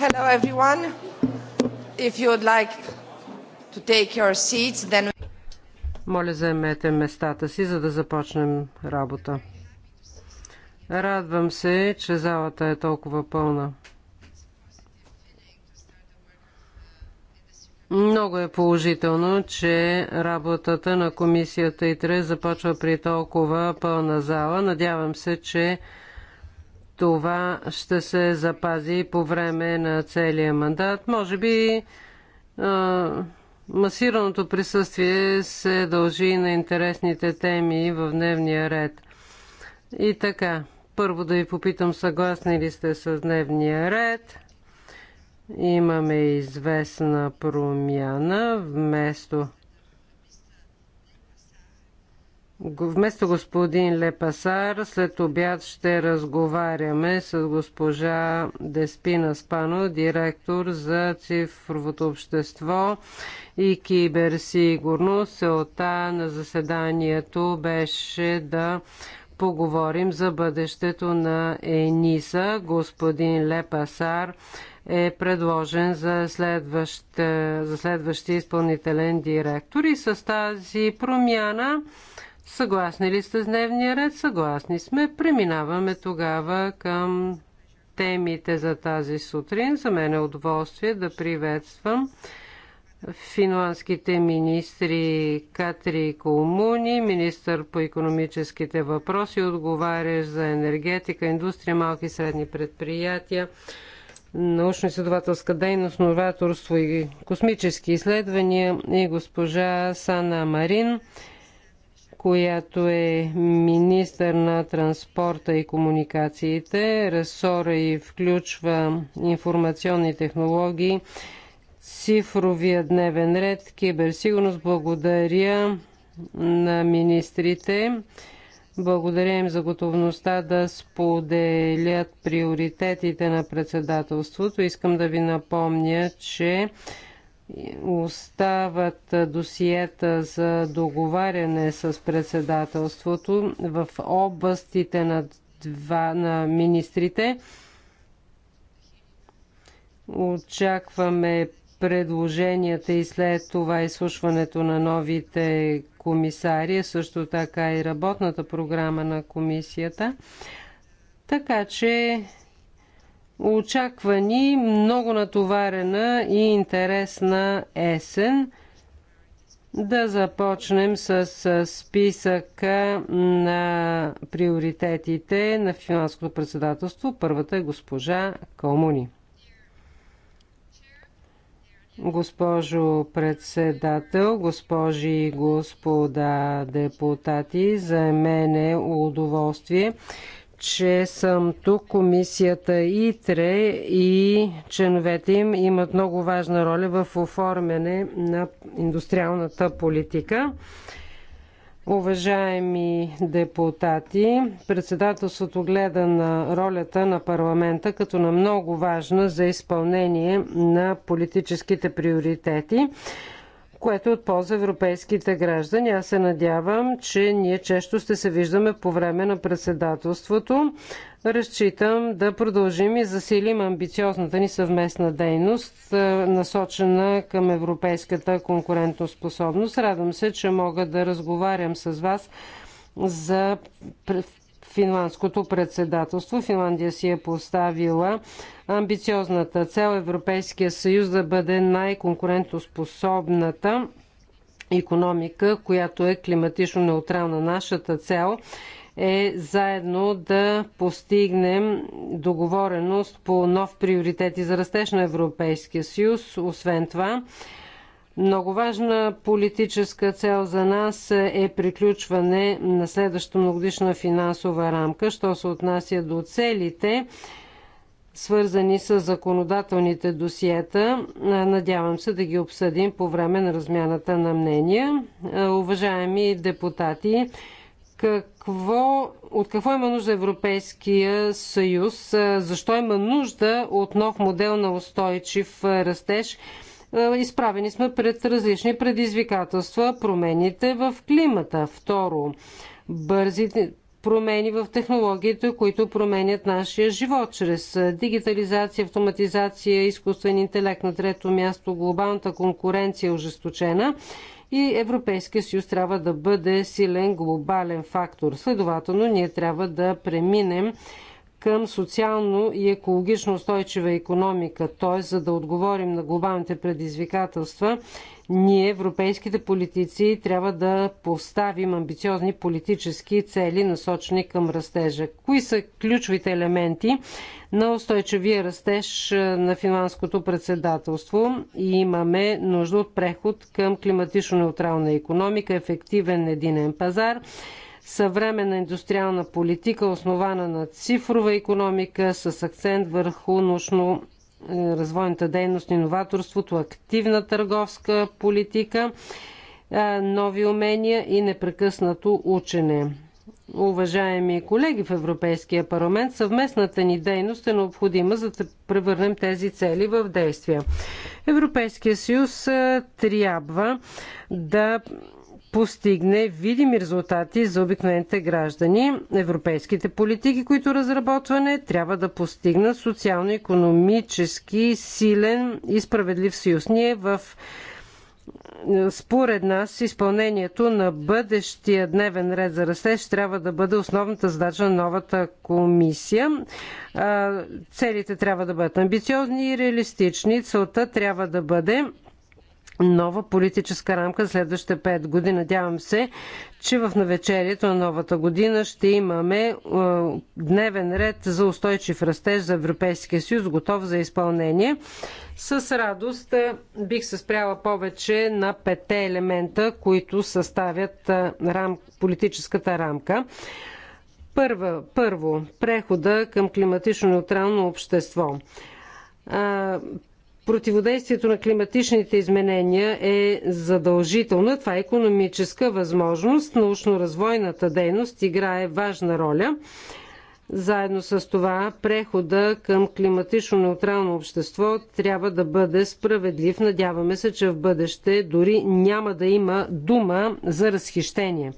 Hello everyone. If you would like to take your seats, then Моля, заемете местата си, за да започнем работа. Радвам се, че залата е толкова пълна. Много е положително, че работата на комисията ИТРЕ започва при толкова пълна зала. Надявам се, че това ще се запази по време на целия мандат. Може би масираното присъствие се дължи на интересните теми в дневния ред. И така, първо да ви попитам съгласни ли сте с дневния ред. Имаме известна промяна вместо Вместо господин Лепасар, след обяд ще разговаряме с госпожа Деспина Спано, директор за цифровото общество и киберсигурност. Целта на заседанието беше да поговорим за бъдещето на ЕНИСА. Господин Лепасар е предложен за, следващ, за следващия изпълнителен директор и с тази промяна Съгласни ли сте с дневния ред? Съгласни сме. Преминаваме тогава към темите за тази сутрин. За мен е удоволствие да приветствам финландските министри Катри Колмуни, министър по економическите въпроси, отговарящ за енергетика, индустрия, малки и средни предприятия, научно-изследователска дейност, новаторство и космически изследвания и госпожа Сана Марин, която е министър на транспорта и комуникациите. Ресора и включва информационни технологии, цифровия дневен ред, киберсигурност. Благодаря на министрите. Благодаря им за готовността да споделят приоритетите на председателството. Искам да ви напомня, че Остават досиета за договаряне с председателството в областите на, два, на министрите. Очакваме предложенията и след това изслушването на новите комисари, също така и работната програма на комисията. Така че Очаква ни много натоварена и интересна есен. Да започнем с списъка на приоритетите на финанското председателство. Първата е госпожа Комуни. Госпожо председател, госпожи и господа депутати, за мен е удоволствие че съм тук. Комисията ИТРЕ и членовете им имат много важна роля в оформяне на индустриалната политика. Уважаеми депутати, председателството гледа на ролята на парламента като на много важна за изпълнение на политическите приоритети което е от полза европейските граждани. Аз се надявам, че ние често ще се виждаме по време на председателството. Разчитам да продължим и засилим амбициозната ни съвместна дейност, е, насочена към европейската конкурентоспособност. Радвам се, че мога да разговарям с вас за финландското председателство. Финландия си е поставила амбициозната цел Европейския съюз да бъде най-конкурентоспособната економика, която е климатично неутрална. Нашата цел е заедно да постигнем договореност по нов приоритети за растеж на Европейския съюз. Освен това, много важна политическа цел за нас е приключване на следващата многодишна финансова рамка, що се отнася до целите, свързани с законодателните досиета. Надявам се да ги обсъдим по време на размяната на мнения. Уважаеми депутати, какво, от какво има нужда Европейския съюз? Защо има нужда от нов модел на устойчив растеж? Е, изправени сме пред различни предизвикателства. Промените в климата. Второ, бързите промени в технологиите, които променят нашия живот чрез дигитализация, автоматизация, изкуствен интелект. На трето място глобалната конкуренция е ожесточена и Европейския съюз трябва да бъде силен глобален фактор. Следователно, ние трябва да преминем към социално и екологично устойчива економика, т.е. за да отговорим на глобалните предизвикателства, ние, европейските политици, трябва да поставим амбициозни политически цели, насочени към растежа. Кои са ключовите елементи на устойчивия растеж на финландското председателство? И имаме нужда от преход към климатично-неутрална економика, ефективен единен пазар, съвременна индустриална политика, основана на цифрова економика, с акцент върху научно е, развойната дейност, иноваторството, активна търговска политика, е, нови умения и непрекъснато учене. Уважаеми колеги в Европейския парламент, съвместната ни дейност е необходима за да превърнем тези цели в действия. Европейския съюз е, трябва да постигне видими резултати за обикновените граждани. Европейските политики, които разработване, трябва да постигнат социално-економически силен и справедлив съюз. Ние в според нас изпълнението на бъдещия дневен ред за растеж трябва да бъде основната задача на новата комисия. Целите трябва да бъдат амбициозни и реалистични. Целта трябва да бъде нова политическа рамка следващите 5 години. Надявам се, че в навечерието на новата година ще имаме е, дневен ред за устойчив растеж за Европейския съюз, готов за изпълнение. С радост е, бих се спряла повече на пете елемента, които съставят е, рам... политическата рамка. Първо, първо, прехода към климатично-неутрално общество Противодействието на климатичните изменения е задължителна. Това е економическа възможност. Научно-развойната дейност играе важна роля. Заедно с това, прехода към климатично неутрално общество трябва да бъде справедлив. Надяваме се, че в бъдеще дори няма да има дума за разхищение.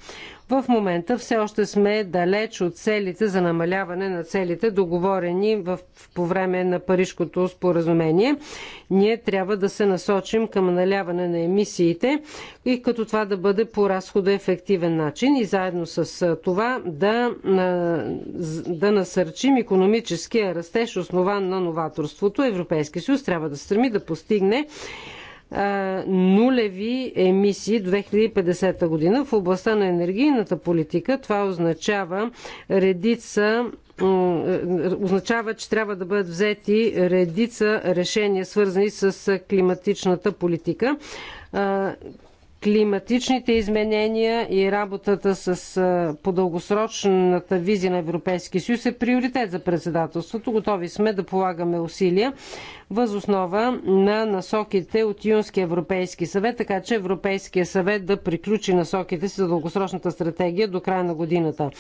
В момента все още сме далеч от целите за намаляване на целите, договорени в, по време на Парижкото споразумение. Ние трябва да се насочим към намаляване на емисиите и като това да бъде по разхода ефективен начин и заедно с това да, да насърчим економическия растеж, основан на новаторството. Европейския съюз трябва да стреми да постигне нулеви емисии до 2050 година. В областта на енергийната политика това означава редица означава, че трябва да бъдат взети редица решения, свързани с климатичната политика климатичните изменения и работата с, по дългосрочната визия на Европейския съюз е приоритет за председателството. Готови сме да полагаме усилия възоснова на насоките от Юнския Европейски съвет, така че Европейския съвет да приключи насоките си за дългосрочната стратегия до края на годината.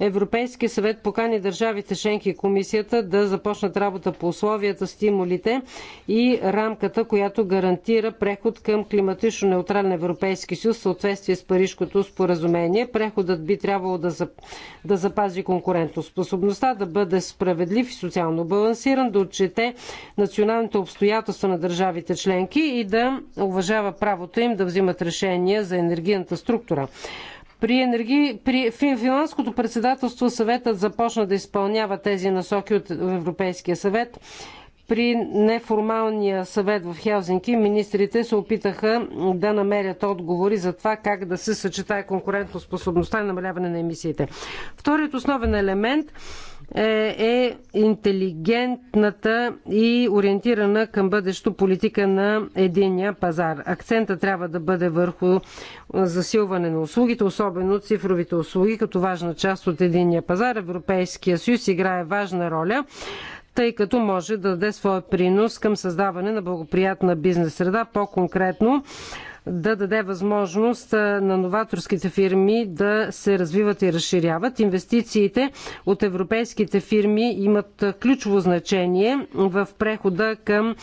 Европейския съвет покани държавите членки и комисията да започнат работа по условията, стимулите и рамката, която гарантира преход към климатично неутрален европейски Европейски съюз в съответствие с Парижкото споразумение. Преходът би трябвало да, зап... да запази конкурентоспособността, да бъде справедлив и социално балансиран, да отчете националните обстоятелства на държавите членки и да уважава правото им да взимат решения за енергийната структура. При, енерги... При финландското председателство съветът започна да изпълнява тези насоки от Европейския съвет при неформалния съвет в Хелзинки министрите се опитаха да намерят отговори за това как да се съчетае конкурентоспособността и намаляване на емисиите. Вторият основен елемент е, е интелигентната и ориентирана към бъдещо политика на единия пазар. Акцента трябва да бъде върху засилване на услугите, особено цифровите услуги, като важна част от единия пазар. Европейския съюз играе важна роля тъй като може да даде своя принос към създаване на благоприятна бизнес среда, по-конкретно да даде възможност на новаторските фирми да се развиват и разширяват. Инвестициите от европейските фирми имат ключово значение в прехода към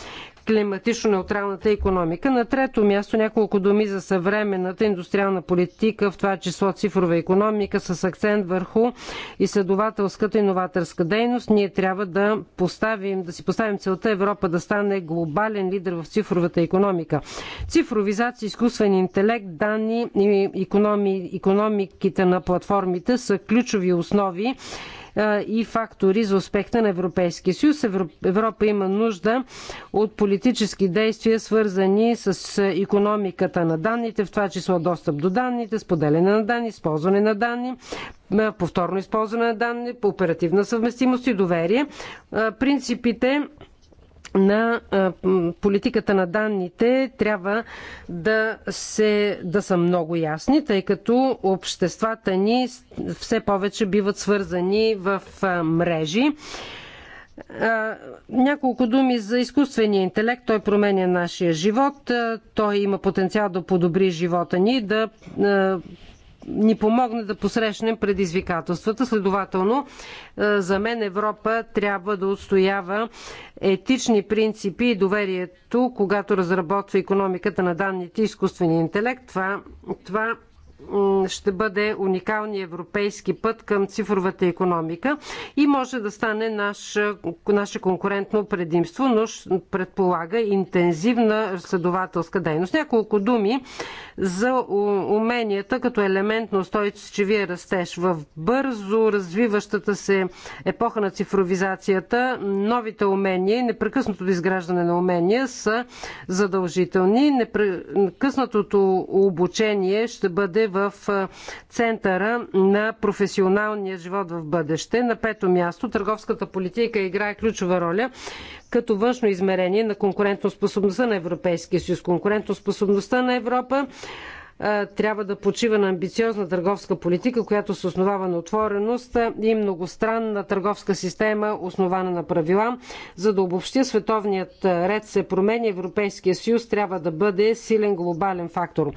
климатично-неутралната економика. На трето място няколко думи за съвременната индустриална политика, в това число цифрова економика, с акцент върху изследователската и новаторска дейност. Ние трябва да, поставим, да си поставим целта Европа да стане глобален лидер в цифровата економика. Цифровизация, изкуствен интелект, данни и економиките на платформите са ключови основи и фактори за успеха на Европейския съюз. Европа има нужда от политически действия, свързани с економиката на данните, в това число достъп до данните, споделяне на данни, използване на данни, повторно използване на данни, оперативна съвместимост и доверие. Принципите на политиката на данните трябва да, се, да са много ясни, тъй като обществата ни все повече биват свързани в мрежи. Няколко думи за изкуствения интелект. Той променя нашия живот. Той има потенциал да подобри живота ни, да ни помогне да посрещнем предизвикателствата. Следователно, е, за мен Европа трябва да отстоява етични принципи и доверието, когато разработва економиката на данните и изкуствения интелект. Това, това ще бъде уникалния европейски път към цифровата економика и може да стане наше, наше конкурентно предимство, но предполага интензивна следователска дейност. Няколко думи за уменията като елемент на устойчивия растеж. В бързо развиващата се епоха на цифровизацията, новите умения и непрекъснатото изграждане на умения са задължителни. Непрекъснатото обучение ще бъде в центъра на професионалния живот в бъдеще. На пето място, търговската политика играе ключова роля като външно измерение на конкурентоспособността на Европейския съюз. Конкурентоспособността на Европа трябва да почива на амбициозна търговска политика, която се основава на отвореност и многостранна търговска система, основана на правила. За да обобщя световният ред се променя, Европейския съюз трябва да бъде силен глобален фактор.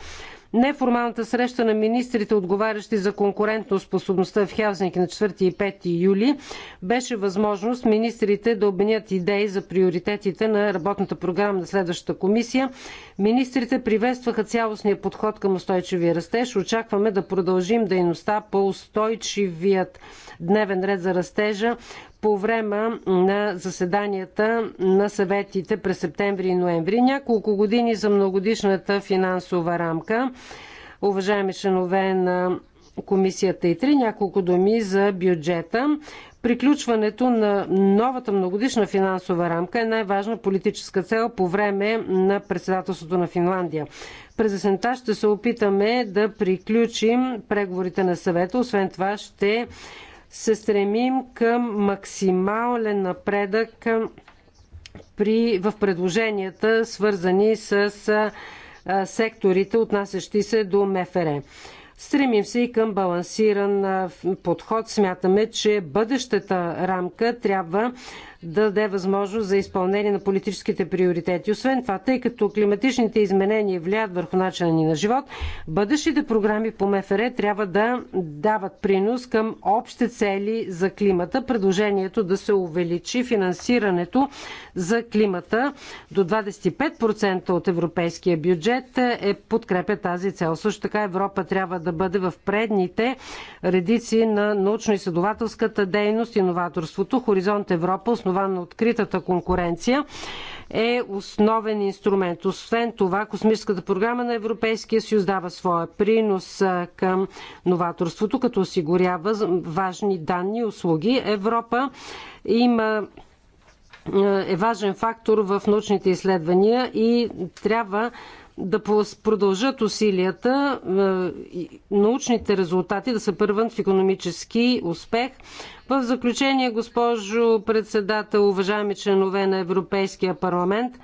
Неформалната среща на министрите, отговарящи за конкурентно способността в Хелсинки на 4 и 5 юли, беше възможност министрите да обменят идеи за приоритетите на работната програма на следващата комисия. Министрите приветстваха цялостния подход към устойчивия растеж. Очакваме да продължим дейността по устойчивият дневен ред за растежа, по време на заседанията на съветите през септември и ноември. Няколко години за многодишната финансова рамка. Уважаеми членове на комисията и три няколко думи за бюджета. Приключването на новата многодишна финансова рамка е най-важна политическа цел по време на председателството на Финландия. През есента ще се опитаме да приключим преговорите на съвета. Освен това ще се стремим към максимален напредък при, в предложенията, свързани с секторите, отнасящи се до МФР. Стремим се и към балансиран подход. Смятаме, че бъдещата рамка трябва да даде възможност за изпълнение на политическите приоритети. Освен това, тъй като климатичните изменения влияят върху начина ни на живот, бъдещите програми по МФР трябва да дават принос към общите цели за климата. Предложението да се увеличи финансирането за климата до 25% от европейския бюджет е подкрепя тази цел. Също така Европа трябва да бъде в предните редици на научно-изследователската дейност и новаторството. Хоризонт Европа основа основан на откритата конкуренция, е основен инструмент. Освен това, космическата програма на Европейския съюз дава своя принос към новаторството, като осигурява важни данни и услуги. Европа има е важен фактор в научните изследвания и трябва да продължат усилията е, научните резултати да са първен в економически успех. В заключение, госпожо председател, уважаеми членове на Европейския парламент,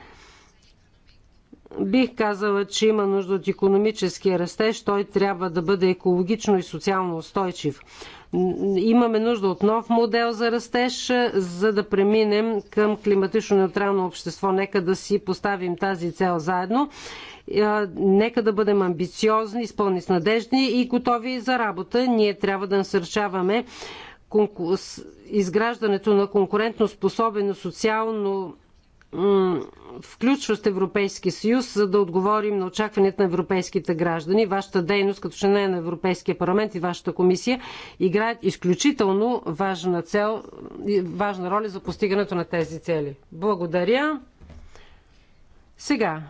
бих казала, че има нужда от економически растеж. Той трябва да бъде екологично и социално устойчив. Имаме нужда от нов модел за растеж, за да преминем към климатично неутрално общество. Нека да си поставим тази цел заедно Нека да бъдем амбициозни, изпълни с надежни и готови за работа. Ние трябва да насърчаваме изграждането на конкурентно способен социално включващ Европейски съюз, за да отговорим на очакванията на европейските граждани. Вашата дейност като член на Европейския парламент и вашата комисия играят изключително важна цел, важна роля за постигането на тези цели. Благодаря. Сега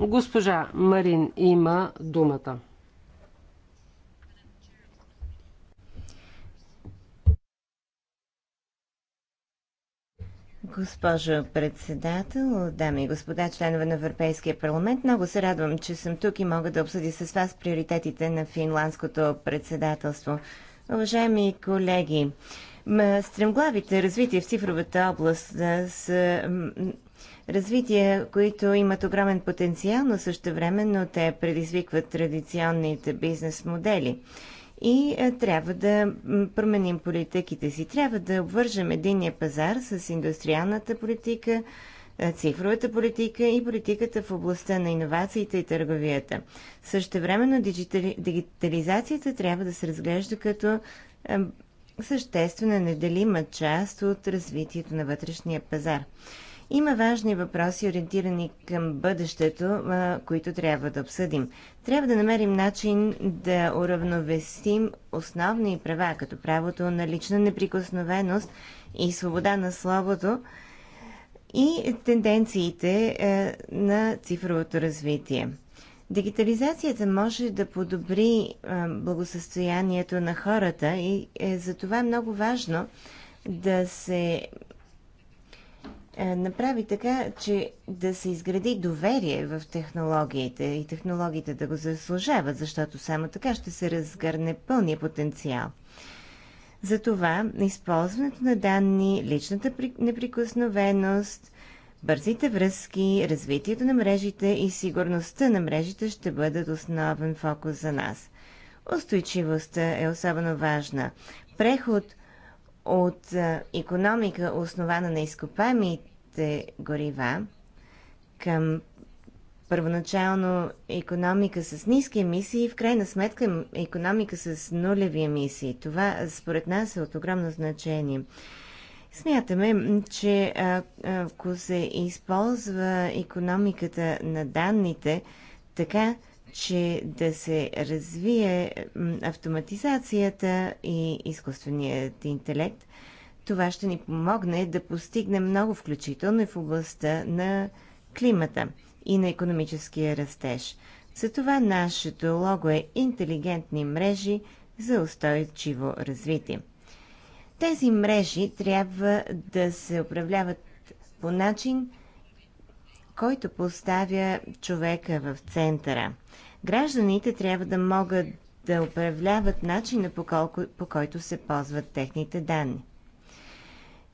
Госпожа Марин има думата. Госпожо председател, дами и господа, членове на Европейския парламент, много се радвам, че съм тук и мога да обсъди с вас приоритетите на финландското председателство. Уважаеми колеги, стремглавите развитие в цифровата област са развития, които имат огромен потенциал, но също време, но те предизвикват традиционните бизнес модели. И а, е, трябва да променим политиките си. Трябва да обвържем единния пазар с индустриалната политика, е, цифровата политика и политиката в областта на иновациите и търговията. Същевременно дигитали... дигитализацията трябва да се разглежда като е, съществена неделима част от развитието на вътрешния пазар. Има важни въпроси, ориентирани към бъдещето, които трябва да обсъдим. Трябва да намерим начин да уравновесим основни права, като правото на лична неприкосновеност и свобода на словото и тенденциите е, на цифровото развитие. Дигитализацията може да подобри е, благосъстоянието на хората и е за това е много важно да се е, направи така, че да се изгради доверие в технологиите и технологиите да го заслужават, защото само така ще се разгърне пълния потенциал. Затова използването на данни, личната неприкосновеност, бързите връзки, развитието на мрежите и сигурността на мрежите ще бъдат основен фокус за нас. Устойчивостта е особено важна. Преход – от економика, основана на изкопаемите горива, към първоначално економика с ниски емисии и в крайна сметка економика с нулеви емисии. Това според нас е от огромно значение. Смятаме, че ако се използва економиката на данните така, че да се развие автоматизацията и изкуственият интелект. Това ще ни помогне да постигнем много включително и в областта на климата и на економическия растеж. Затова нашето лого е интелигентни мрежи за устойчиво развитие. Тези мрежи трябва да се управляват по начин, който поставя човека в центъра. Гражданите трябва да могат да управляват начина по, колко, по който се ползват техните данни.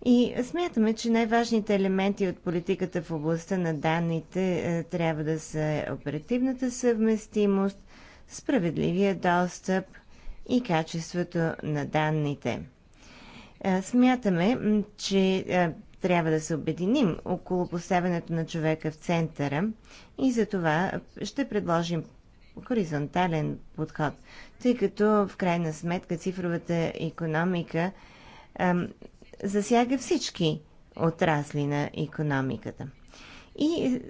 И смятаме, че най-важните елементи от политиката в областта на данните е, трябва да са оперативната съвместимост, справедливия достъп и качеството на данните. Е, смятаме, че е, трябва да се обединим около поставянето на човека в центъра и за това ще предложим хоризонтален подход, тъй като в крайна сметка цифровата економика ам, засяга всички отрасли на економиката. И е,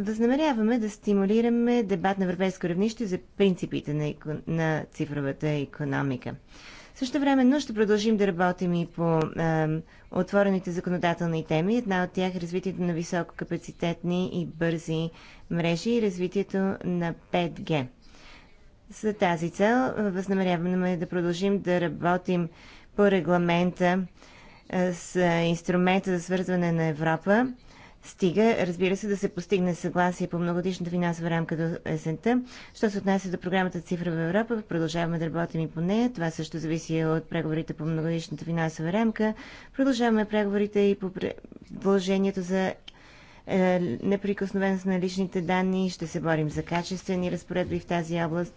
възнамеряваме да стимулираме дебат на европейско равнище за принципите на, на цифровата економика. Също времено ще продължим да работим и по е, отворените законодателни теми. Една от тях е развитието на висококапацитетни и бързи мрежи и развитието на 5G. За тази цел е, възнамеряваме да продължим да работим по регламента е, с инструмента за свързване на Европа Стига, разбира се, да се постигне съгласие по многодишната финансова рамка до есента. Що се отнася до програмата Цифра в Европа, продължаваме да работим и по нея. Това също зависи от преговорите по многодишната финансова рамка. Продължаваме преговорите и по предложението за е, неприкосновеност на личните данни. Ще се борим за качествени разпоредби в тази област.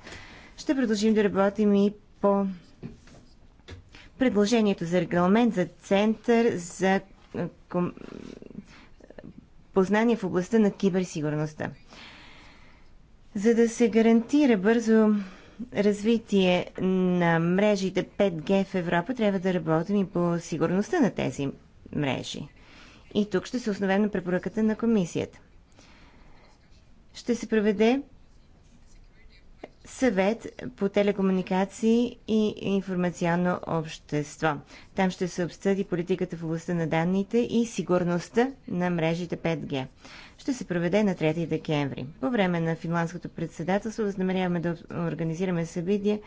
Ще продължим да работим и по предложението за регламент за център за познания в областта на киберсигурността. За да се гарантира бързо развитие на мрежите 5G в Европа, трябва да работим и по сигурността на тези мрежи. И тук ще се основем на препоръката на комисията. Ще се проведе съвет по телекомуникации и информационно общество. Там ще се обсъди политиката в областта на данните и сигурността на мрежите 5G. Ще се проведе на 3 декември. По време на финландското председателство възнамеряваме да организираме събитие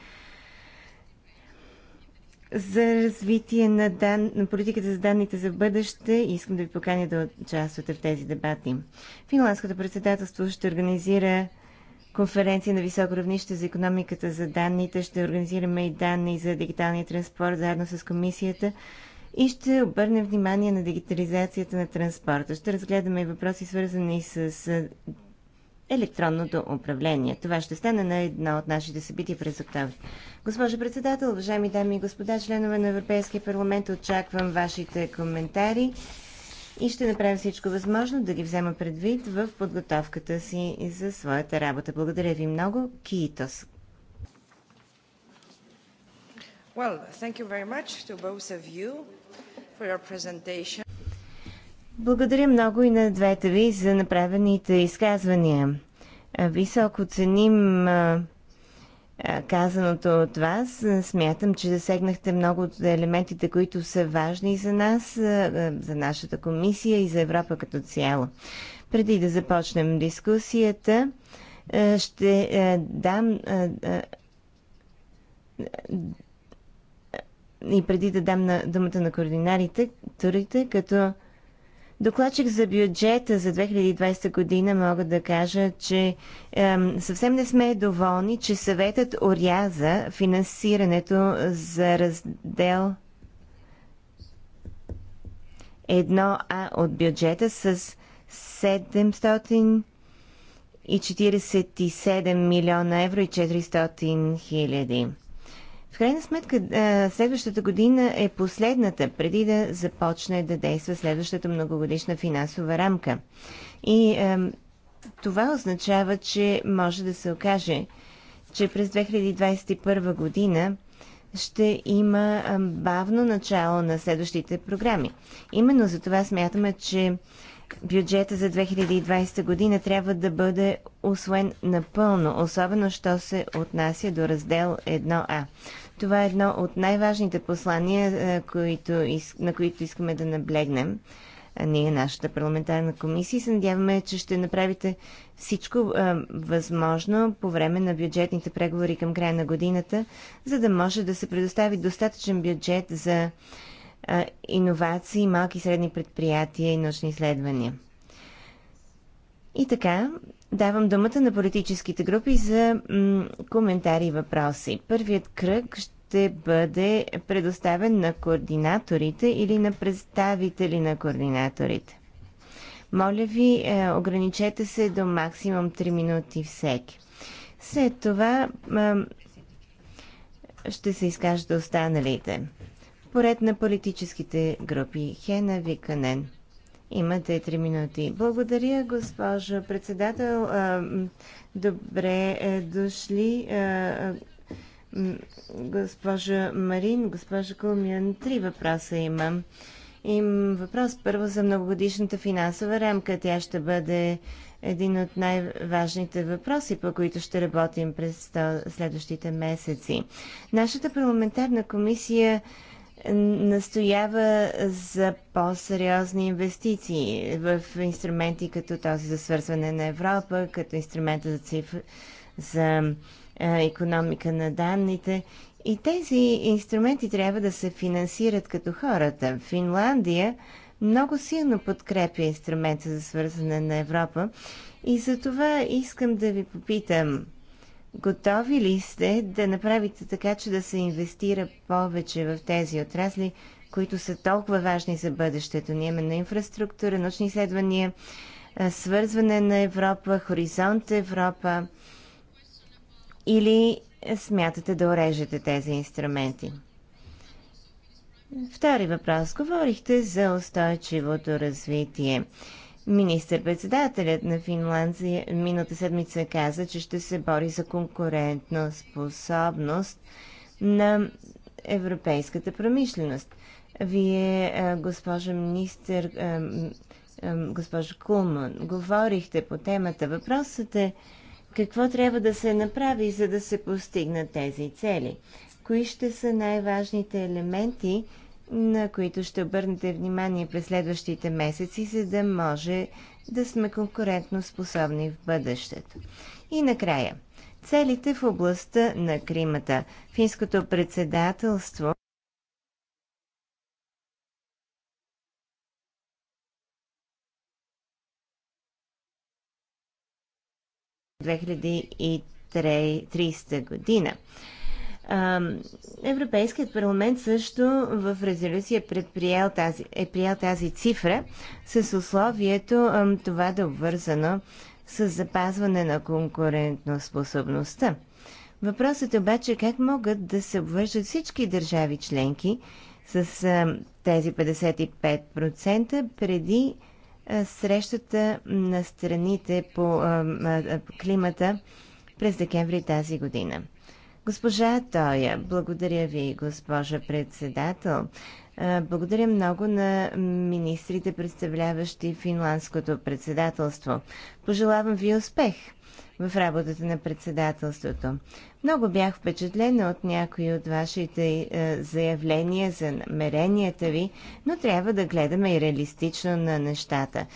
за развитие на, дан... на политиката за данните за бъдеще. Искам да ви поканя да участвате в тези дебати. Финландското председателство ще организира конференция на високо равнище за економиката за данните. Ще организираме и данни за дигиталния транспорт заедно с комисията и ще обърнем внимание на дигитализацията на транспорта. Ще разгледаме и въпроси, свързани с електронното управление. Това ще стане на едно от нашите събития през октомври. Госпожо председател, уважаеми дами и господа, членове на Европейския парламент, очаквам вашите коментари и ще направя всичко възможно да ги взема предвид в подготовката си и за своята работа. Благодаря ви много. Китос. Well, thank you very much to both of you for your presentation. Благодаря много и на двете ви за направените изказвания. Високо ценим казаното от вас. Смятам, че засегнахте много от елементите, които са важни за нас, за нашата комисия и за Европа като цяло. Преди да започнем дискусията, ще дам и преди да дам на думата на координарите, турите, като докладчик за бюджета за 2020 година мога да кажа, че съвсем не сме доволни, че съветът оряза финансирането за раздел 1А от бюджета с 747 милиона евро и 400 хиляди. В крайна сметка, следващата година е последната, преди да започне да действа следващата многогодишна финансова рамка. И е, това означава, че може да се окаже, че през 2021 година ще има бавно начало на следващите програми. Именно за това смятаме, че бюджета за 2020 година трябва да бъде освен напълно, особено що се отнася до раздел 1А. Това е едно от най-важните послания, е, които, на които искаме да наблегнем е, ние, нашата парламентарна комисия. Се надяваме, че ще направите всичко е, възможно по време на бюджетните преговори към края на годината, за да може да се предостави достатъчен бюджет за е, иновации, малки и средни предприятия и научни изследвания. И така, Давам думата на политическите групи за коментари и въпроси. Първият кръг ще бъде предоставен на координаторите или на представители на координаторите. Моля ви, е, ограничете се до максимум 3 минути всеки. След това ще се изкажат останалите. Поред на политическите групи Хена Виканен. Имате три минути. Благодаря, госпожо председател. Добре е, дошли, госпожа Марин, госпожа Кулмиан. Три въпроса имам. Им въпрос първо за многогодишната финансова рамка. Тя ще бъде един от най-важните въпроси, по които ще работим през следващите месеци. Нашата парламентарна комисия настоява за по-сериозни инвестиции в инструменти като този за свързване на Европа, като инструмента за, цифра, за е, економика на данните. И тези инструменти трябва да се финансират като хората. Финландия много силно подкрепя инструмента за свързване на Европа и за това искам да ви попитам Готови ли сте да направите така, че да се инвестира повече в тези отрасли, които са толкова важни за бъдещето имаме на инфраструктура, научни изследвания, свързване на Европа, хоризонт Европа? Или смятате да орежете тези инструменти? Втори въпрос. Говорихте за устойчивото развитие. Министър-председателят на Финландия миналата седмица каза, че ще се бори за конкурентна способност на европейската промишленост. Вие, е, госпожа министър, е, е, госпожа Кулман, говорихте по темата. Въпросът е какво трябва да се направи, за да се постигнат тези цели? Кои ще са най-важните елементи, на които ще обърнете внимание през следващите месеци, за да може да сме конкурентно способни в бъдещето. И накрая, целите в областта на кримата. Финското председателство – 2030 година. Европейският парламент също в резолюция е, тази, е приял тази цифра с условието това да е обвързано с запазване на конкурентоспособността. Въпросът е обаче как могат да се обвържат всички държави членки с тези 55% преди срещата на страните по климата през декември тази година. Госпожа Тоя, благодаря ви, госпожа председател. Благодаря много на министрите, представляващи финландското председателство. Пожелавам ви успех в работата на председателството. Много бях впечатлена от някои от вашите е, заявления за намеренията ви, но трябва да гледаме и реалистично на нещата.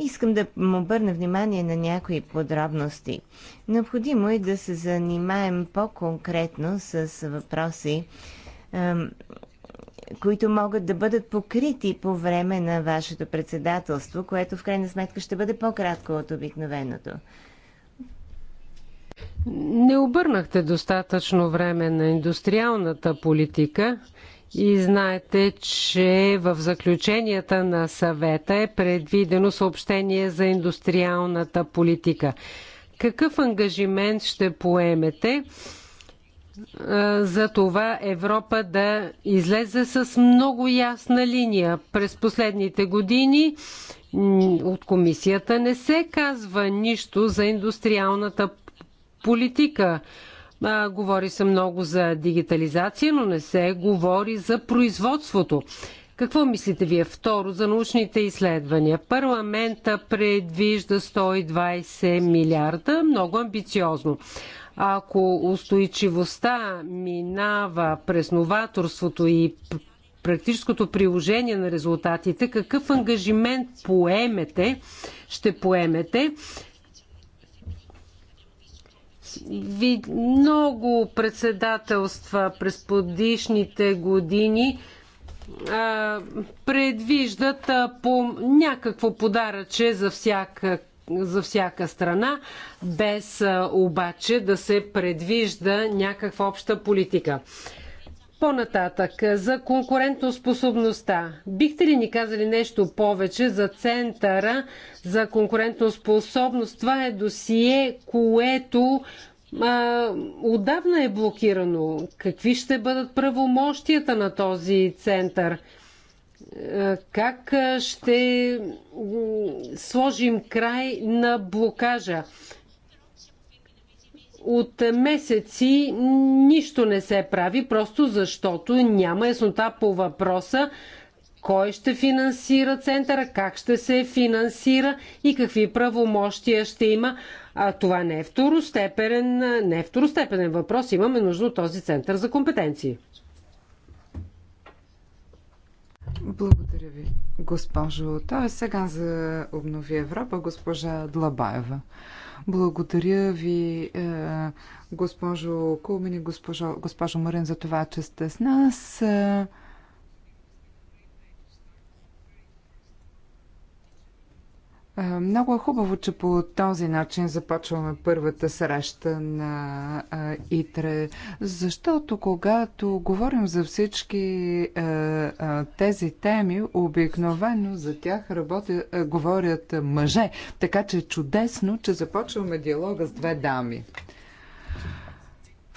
Искам да му обърна внимание на някои подробности. Необходимо е да се занимаем по-конкретно с въпроси, които могат да бъдат покрити по време на вашето председателство, което в крайна сметка ще бъде по-кратко от обикновеното. Не обърнахте достатъчно време на индустриалната политика и знаете, че в заключенията на съвета е предвидено съобщение за индустриалната политика. Какъв ангажимент ще поемете за това Европа да излезе с много ясна линия? През последните години от комисията не се казва нищо за индустриалната политика. А, говори се много за дигитализация, но не се говори за производството. Какво мислите вие? Второ, за научните изследвания. Парламента предвижда 120 милиарда, много амбициозно. Ако устойчивостта минава през новаторството и практическото приложение на резултатите, какъв ангажимент поемете, ще поемете много председателства през подишните години а, предвиждат а, по някакво подаръче за всяка, за всяка страна, без а, обаче да се предвижда някаква обща политика. По-нататък, за конкурентоспособността. Бихте ли ни казали нещо повече за Центъра за конкурентоспособност? Това е досие, което а, отдавна е блокирано. Какви ще бъдат правомощията на този център? Как ще сложим край на блокажа? От месеци нищо не се прави, просто защото няма яснота по въпроса кой ще финансира центъра, как ще се финансира и какви правомощия ще има. А това не е второстепенен, не е второстепенен въпрос. Имаме нужда от този център за компетенции. Благодаря ви, госпожо. Това е сега за Обнови Европа, госпожа Длабаева. Благодаря ви, е, госпожо Кулмин и госпожо, госпожо Марин, за това, че сте с нас. Е, Много е хубаво, че по този начин започваме първата среща на ИТРЕ, защото когато говорим за всички тези теми, обикновено за тях работят, говорят мъже. Така че е чудесно, че започваме диалога с две дами.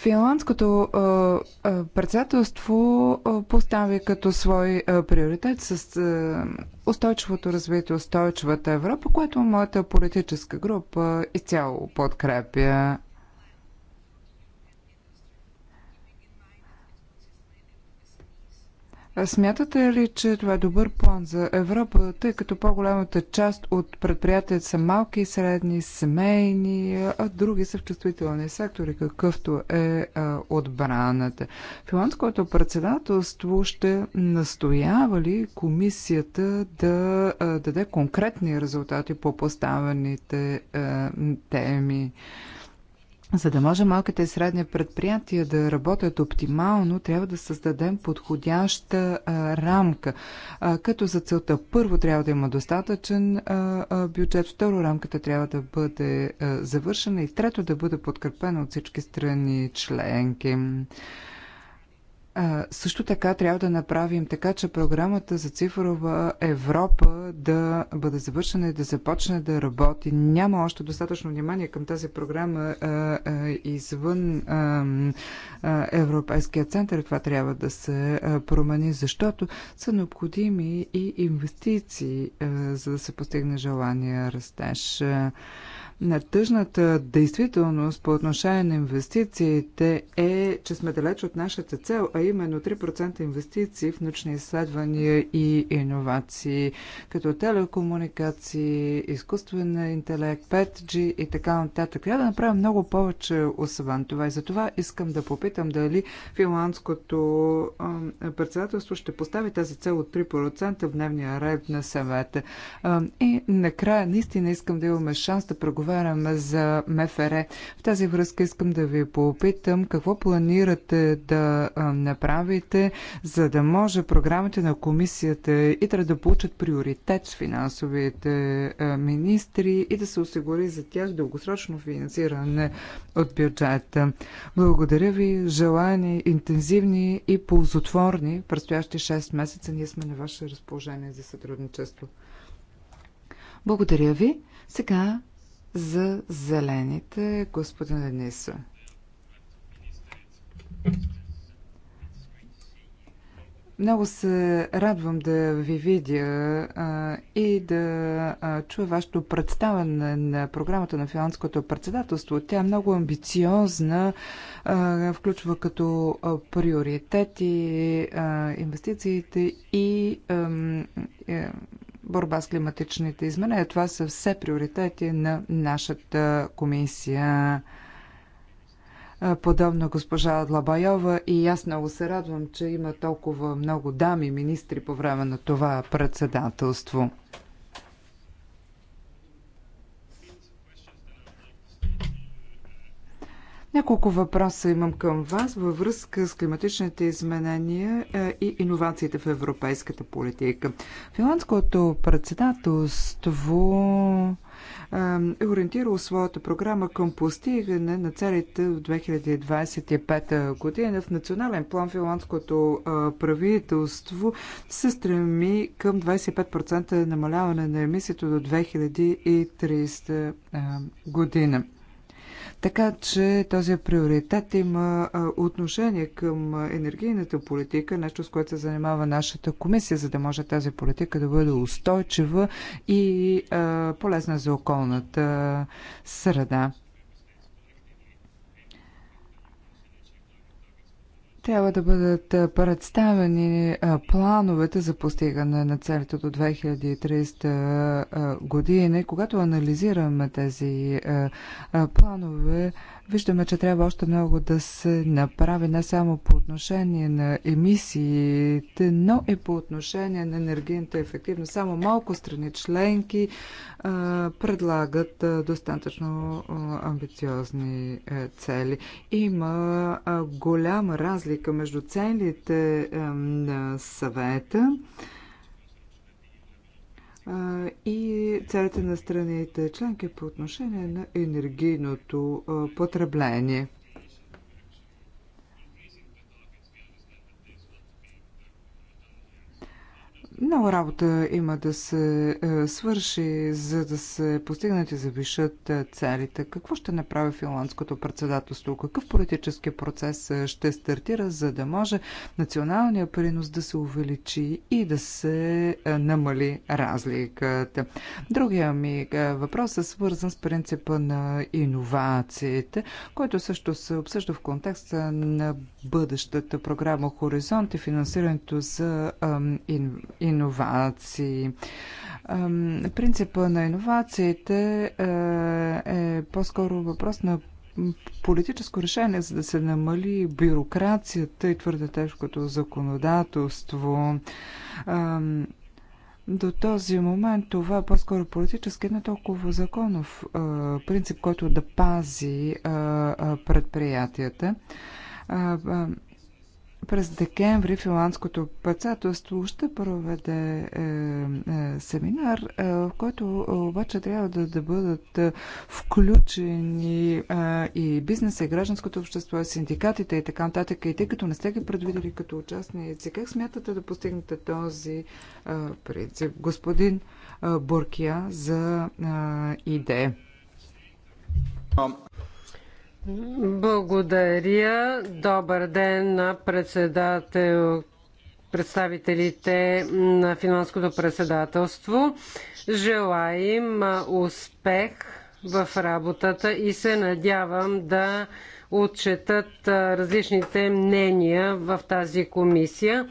Финландското председателство постави като свой приоритет с устойчивото развитие, устойчивата Европа, което моята политическа група изцяло подкрепя. Смятате ли, че това е добър план за Европа, тъй като по-голямата част от предприятията са малки и средни, семейни, а други са в чувствителни сектори, какъвто е а, отбраната? Финландското председателство ще настоява ли комисията да а, даде конкретни резултати по поставените а, теми? За да може малките и средни предприятия да работят оптимално, трябва да създадем подходяща а, рамка. А, като за целта първо трябва да има достатъчен а, а, бюджет, второ рамката трябва да бъде а, завършена и трето да бъде подкрепена от всички страни членки. А, също така трябва да направим така, че програмата за цифрова Европа да бъде завършена и да започне да работи. Няма още достатъчно внимание към тази програма а, а, извън а, а, Европейския център. Това трябва да се а, промени, защото са необходими и инвестиции, а, за да се постигне желания растеж. А, на тъжната действителност по отношение на инвестициите е, че сме далеч от нашата цел, а именно 3% инвестиции в научни изследвания и иновации, като телекомуникации, изкуствен интелект, 5G и така нататък. Трябва да направим много повече освен това. И затова искам да попитам дали финландското председателство ще постави тази цел от 3% в дневния ред на съвета. И накрая наистина искам да имаме шанс да преговаряме разговаряме за МФР. В тази връзка искам да ви попитам какво планирате да направите, за да може програмите на комисията и да получат приоритет с финансовите министри и да се осигури за тях дългосрочно финансиране от бюджета. Благодаря ви. Желани интензивни и ползотворни предстоящи 6 месеца. Ние сме на ваше разположение за сътрудничество. Благодаря ви. Сега за зелените, господин Денисо. Много се радвам да ви видя а, и да а, чуя вашето представяне на програмата на финанското председателство. Тя е много амбициозна, а, включва като а, приоритети а, инвестициите и а, а, е, борба с климатичните изменения. Това са все приоритети на нашата комисия. Подобно госпожа Длабайова и аз много се радвам, че има толкова много дами министри по време на това председателство. Няколко въпроса имам към вас във връзка с климатичните изменения е, и иновациите в европейската политика. Финландското председателство е, е ориентирало своята програма към постигане на целите в 2025 година. В национален план финландското е, правителство се стреми към 25% намаляване на емисиите до 2030 година. Така че този приоритет има отношение към енергийната политика, нещо с което се занимава нашата комисия, за да може тази политика да бъде устойчива и полезна за околната среда. Трябва да бъдат представени плановете за постигане на целите до 2300 година. Когато анализираме тези планове, Виждаме, че трябва още много да се направи не само по отношение на емисиите, но и по отношение на енергийната ефективност. Само малко страни членки а, предлагат а, достатъчно а, амбициозни а, е, цели. Има а, голяма разлика между целите а, на съвета. А, целите на страните членки по отношение на енергийното потребление. Много работа има да се е, свърши, за да се постигнат и завишат е, целите. Какво ще направи финландското председателство? Какъв политически процес е, ще стартира, за да може националния принос да се увеличи и да се намали разликата? Другия ми въпрос е свързан с принципа на иновациите, който също се обсъжда в контекста на бъдещата програма Хоризонт и финансирането за иновации иновации. Принципа на иновациите е, е по-скоро въпрос на политическо решение, за да се намали бюрокрацията и твърде тежкото законодателство. До този момент това е по-скоро политически, не толкова законов е, принцип, който да пази е, предприятията през декември финландското председателство ще проведе е, е, семинар, е, в който обаче трябва да, да бъдат е, включени е, и бизнеса, и гражданското общество, и синдикатите и така нататък. И тъй като не сте ги предвидели като участници, как смятате да постигнете този е, принцип? Господин е, Буркия за е, идея. Благодаря. Добър ден на председател, представителите на финанското председателство. Желаем успех в работата и се надявам да отчетат различните мнения в тази комисия.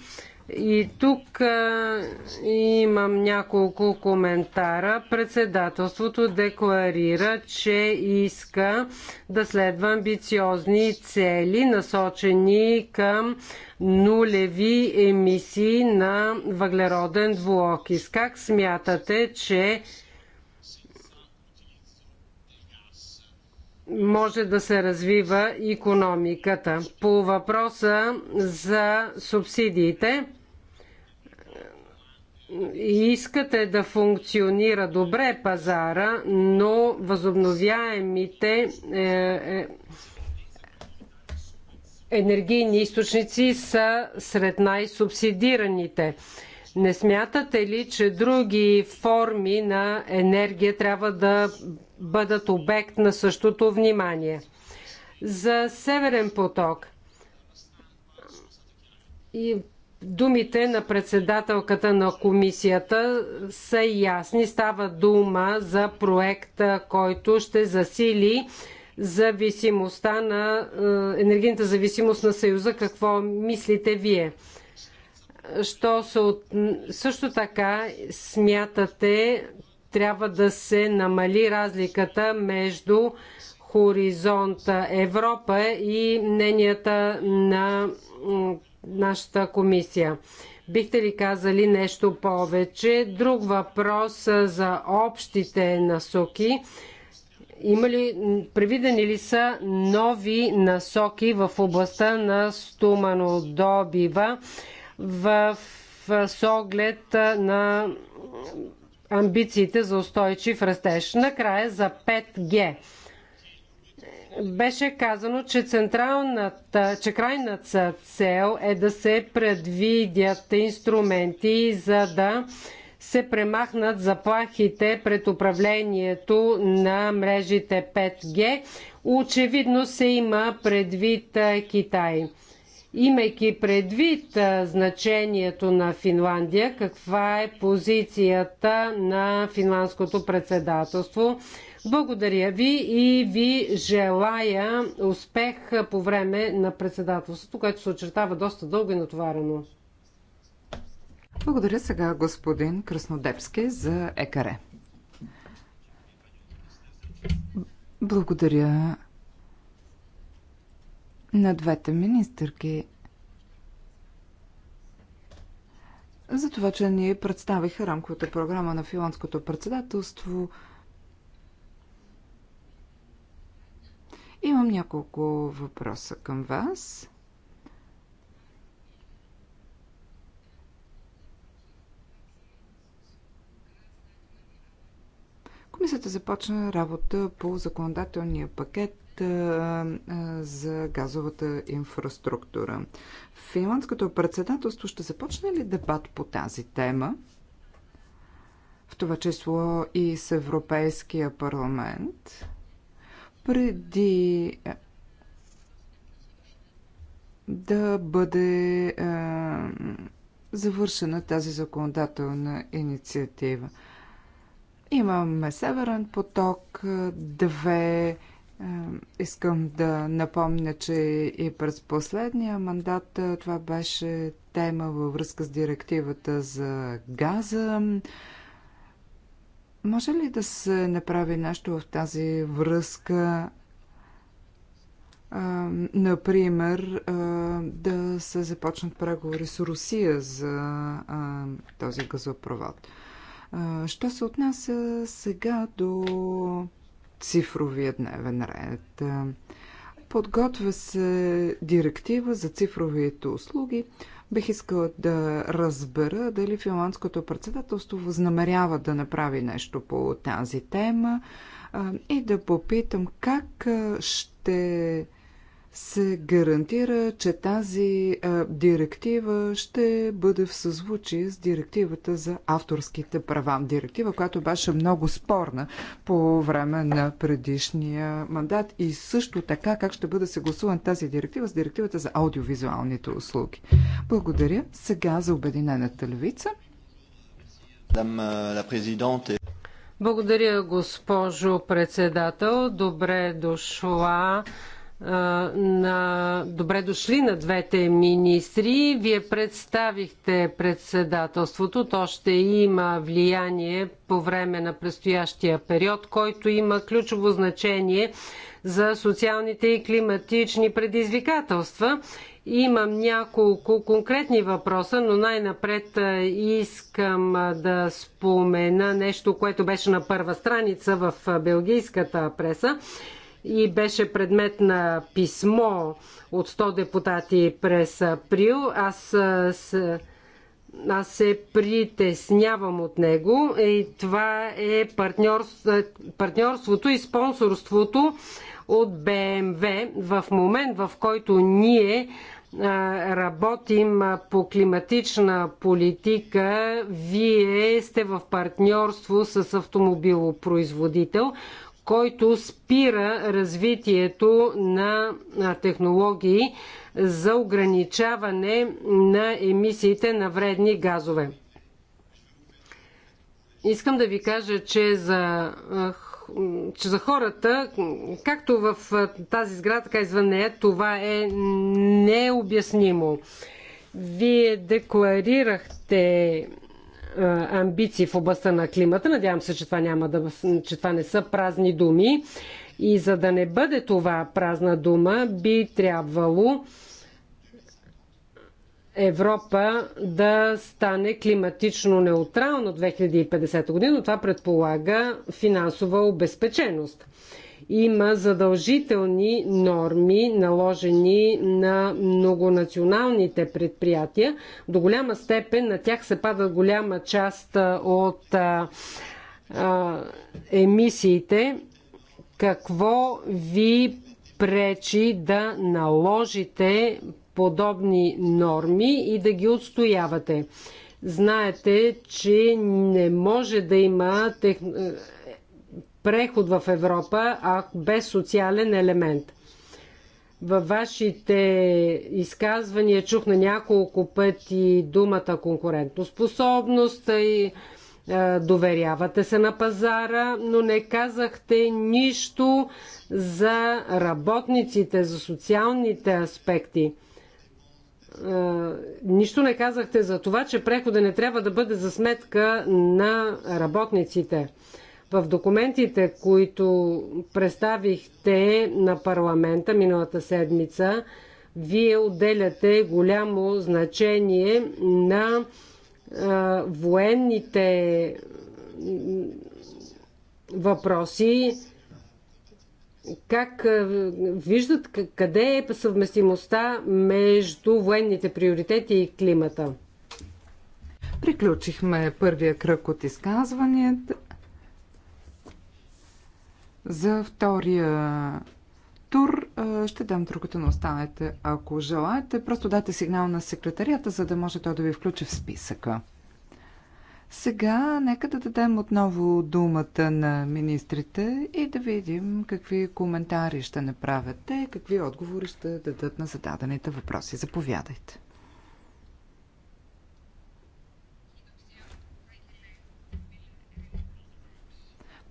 И тук а, имам няколко коментара. Председателството декларира, че иска да следва амбициозни цели, насочени към нулеви емисии на въглероден двуокис. Как смятате, че може да се развива икономиката. По въпроса за субсидиите, искате да функционира добре пазара, но възобновяемите е, е, енергийни източници са сред най-субсидираните. Не смятате ли, че други форми на енергия трябва да бъдат обект на същото внимание? За Северен поток и Думите на председателката на комисията са ясни. Става дума за проект, който ще засили зависимостта на енергийната зависимост на Съюза. Какво мислите вие? Що се от... Също така смятате, трябва да се намали разликата между хоризонта Европа и мненията на нашата комисия. Бихте ли казали нещо повече? Друг въпрос за общите насоки. Има ли, предвидени ли са нови насоки в областта на стоманодобива в, в с оглед на амбициите за устойчив растеж? Накрая за 5G беше казано, че централната, че крайната цел е да се предвидят инструменти, за да се премахнат заплахите пред управлението на мрежите 5G. Очевидно се има предвид Китай. Имайки предвид значението на Финландия, каква е позицията на финландското председателство? Благодаря ви и ви желая успех по време на председателството, което се очертава доста дълго и натоварено. Благодаря сега господин Краснодепски за ЕКАРЕ. Благодаря на двете министърки за това, че ни представиха рамковата програма на филанското председателство – Имам няколко въпроса към вас. Комисията започна работа по законодателния пакет за газовата инфраструктура. Финландското председателство ще започне ли дебат по тази тема? В това число и с Европейския парламент преди е, да бъде е, завършена тази законодателна инициатива. Имаме Северен поток, е, две. Е, искам да напомня, че и през последния мандат това беше тема във връзка с директивата за газа. Може ли да се направи нещо в тази връзка? Например, да се започнат преговори с Русия за този газопровод. Що се отнася сега до цифровия дневен ред? Подготвя се директива за цифровите услуги. Бих искала да разбера дали финландското председателство възнамерява да направи нещо по тази тема и да попитам как ще се гарантира, че тази а, директива ще бъде в съзвучие с директивата за авторските права. Директива, която беше много спорна по време на предишния мандат и също така как ще бъде съгласуван тази директива с директивата за аудиовизуалните услуги. Благодаря. Сега за Обединената левица. Благодаря, госпожо председател. Добре дошла на добре дошли на двете министри. Вие представихте председателството. То ще има влияние по време на предстоящия период, който има ключово значение за социалните и климатични предизвикателства. Имам няколко конкретни въпроса, но най-напред искам да спомена нещо, което беше на първа страница в белгийската преса и беше предмет на писмо от 100 депутати през април. Аз, аз се притеснявам от него е, и това е партньорство, е, партньорството и спонсорството от БМВ в момент, в който ние работим по климатична политика, вие сте в партньорство с автомобилопроизводител, който спира развитието на технологии за ограничаване на емисиите на вредни газове. Искам да ви кажа, че за, че за хората, както в тази сграда, така извън нея, това е необяснимо. Вие декларирахте амбиции в областта на климата. Надявам се, че това, няма да, че това не са празни думи. И за да не бъде това празна дума, би трябвало Европа да стане климатично неутрална 2050 година, но това предполага финансова обезпеченост има задължителни норми, наложени на многонационалните предприятия. До голяма степен на тях се пада голяма част от а, а, емисиите. Какво ви пречи да наложите подобни норми и да ги отстоявате? Знаете, че не може да има тех преход в Европа, а без социален елемент. Във вашите изказвания чух на няколко пъти думата конкурентоспособност и е, доверявате се на пазара, но не казахте нищо за работниците, за социалните аспекти. Е, нищо не казахте за това, че прехода не трябва да бъде за сметка на работниците. В документите, които представихте на парламента миналата седмица, вие отделяте голямо значение на а, военните въпроси. Как а, виждат къде е съвместимостта между военните приоритети и климата? Приключихме първия кръг от изказванията. За втория тур ще дам другото на останалите, ако желаете. Просто дайте сигнал на секретарията, за да може той да ви включи в списъка. Сега нека да дадем отново думата на министрите и да видим какви коментари ще направят те, какви отговори ще дадат на зададените въпроси. Заповядайте.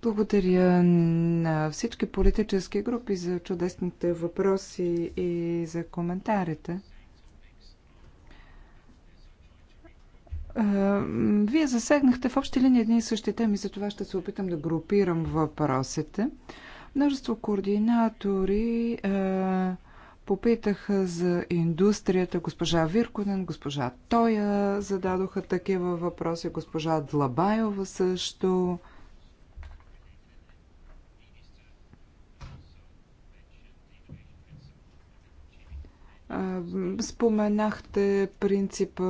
Благодаря на всички политически групи за чудесните въпроси и за коментарите. Вие засегнахте в общи линии едни и същи теми, за това ще се опитам да групирам въпросите. Множество координатори е, попитаха за индустрията. Госпожа Вирконен, госпожа Тоя зададоха такива въпроси, госпожа Длабайова също. Споменахте принципа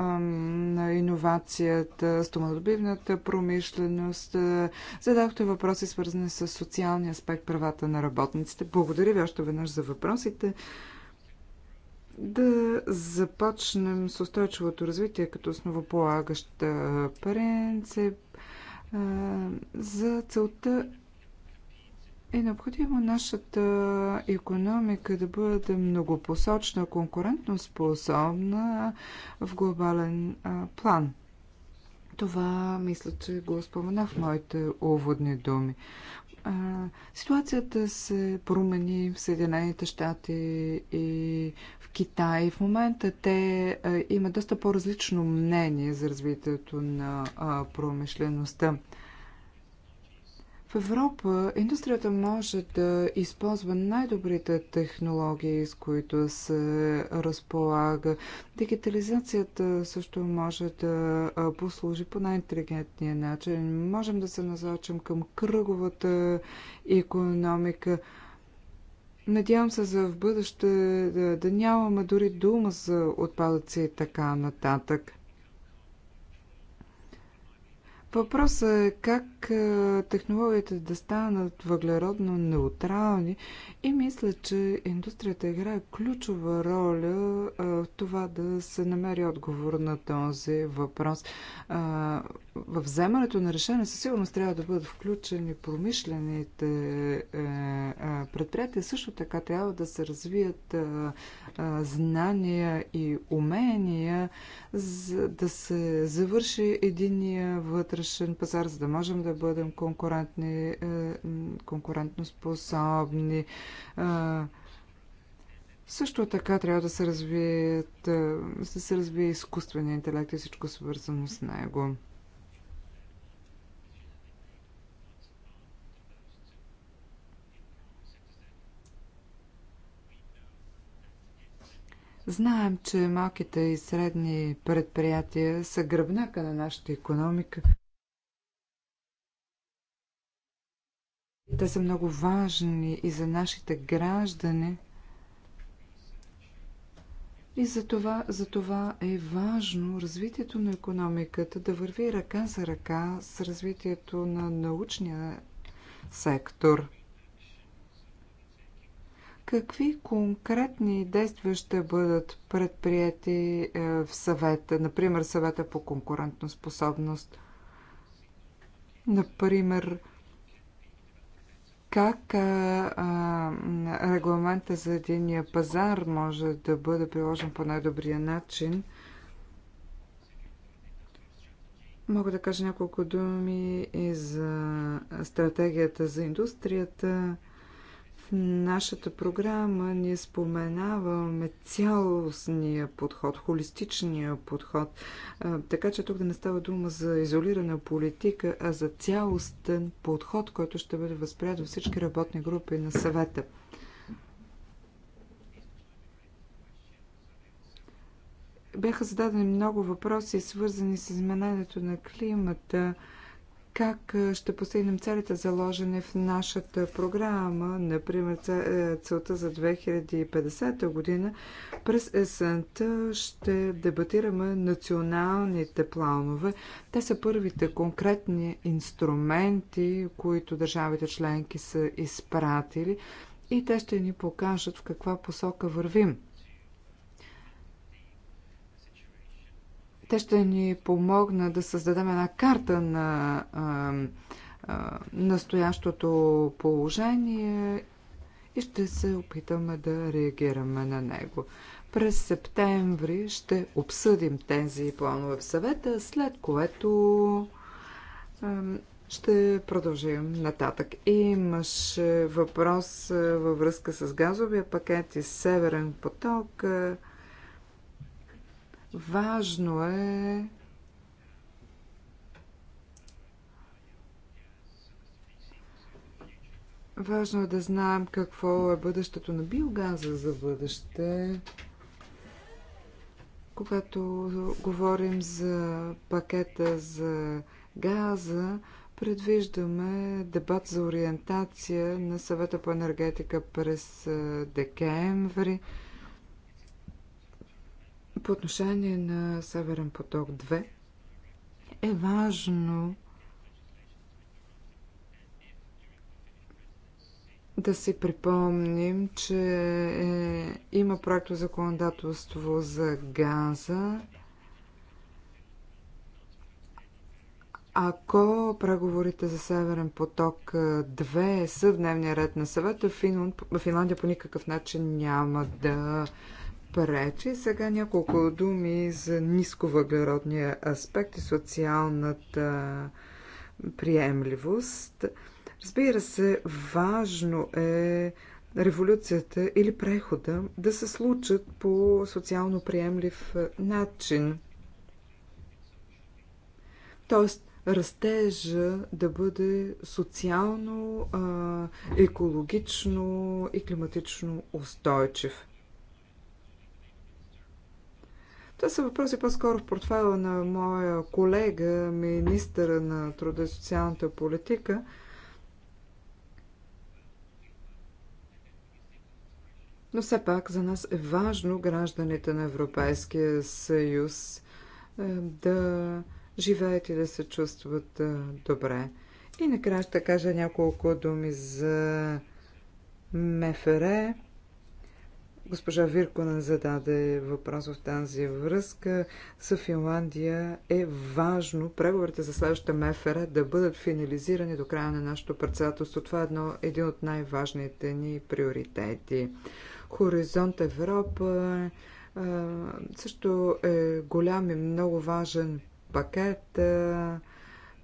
на иновацията, стомадобивната промишленост. Задахте въпроси, свързани с социалния аспект правата на работниците. Благодаря ви още веднъж за въпросите. Да започнем с устойчивото развитие като основополагащ принцип. За целта е необходимо нашата економика да бъде многопосочна, конкурентно способна в глобален план. Това мисля, че го спомена в моите уводни думи. Ситуацията се промени в Съединените щати и в Китай. В момента те има доста по-различно мнение за развитието на промишлеността. В Европа индустрията може да използва най-добрите технологии, с които се разполага. Дигитализацията също може да послужи по най-интелигентния начин. Можем да се насочим към кръговата економика. Надявам се за в бъдеще да, да нямаме дори дума за отпадъци и така нататък. Въпросът е как е, технологиите да станат въглеродно неутрални и мисля, че индустрията играе ключова роля е, в това да се намери отговор на този въпрос. Е, в вземането на решение със сигурност трябва да бъдат включени промишлените е, е, предприятия. Също така трябва да се развият е, знания и умения, за да се завърши единия вътрешен пазар, за да можем да бъдем конкурентни, конкурентно способни. Също така трябва да се развият, да се развие изкуствения интелект и всичко свързано с него. Знаем, че малките и средни предприятия са гръбнака на нашата економика. Те са много важни и за нашите граждани. И за това, за това е важно развитието на економиката да върви ръка за ръка с развитието на научния сектор. Какви конкретни действия ще бъдат предприяти е, в съвета, например съвета по способност, Например, как а, е, а, е, регламента за единия пазар може да бъде приложен по най-добрия начин? Мога да кажа няколко думи и за стратегията за индустрията нашата програма ние споменаваме цялостния подход, холистичния подход, така че тук да не става дума за изолирана политика, а за цялостен подход, който ще бъде възприят във всички работни групи на съвета. Бяха зададени много въпроси, свързани с изменението на климата – как ще постигнем целите заложени в нашата програма, например е, целта за 2050 година. През есента ще дебатираме националните планове. Те са първите конкретни инструменти, които държавите членки са изпратили и те ще ни покажат в каква посока вървим. Те ще ни помогнат да създадем една карта на а, а, настоящото положение и ще се опитаме да реагираме на него. През септември ще обсъдим тези планове в съвета, след което а, ще продължим нататък. Имаш въпрос във връзка с газовия пакет и Северен поток. Важно е Важно е да знаем какво е бъдещето на биогаза за бъдеще. Когато говорим за пакета за газа, предвиждаме дебат за ориентация на съвета по енергетика през декември. По отношение на Северен поток 2 е важно да си припомним, че е, има проекто законодателство за газа. Ако преговорите за Северен поток 2 е, са в дневния ред на съвета, Финланд, Финландия по никакъв начин няма да пречи. Сега няколко думи за нисковъглеродния аспект и социалната приемливост. Разбира се, важно е революцията или прехода да се случат по социално приемлив е, начин. Тоест, растежа да бъде социално, екологично и климатично устойчив. Това са въпроси по-скоро в портфела на моя колега, министъра на труда и социалната политика. Но все пак за нас е важно гражданите на Европейския съюз е, да живеят и да се чувстват е, добре. И накрая ще кажа няколко думи за МФР. Госпожа Виркона зададе въпрос в тази връзка. С Финландия е важно преговорите за следващата МФР да бъдат финализирани до края на нашето председателство. Това е едно, един от най-важните ни приоритети. Хоризонт Европа също е голям и много важен пакет.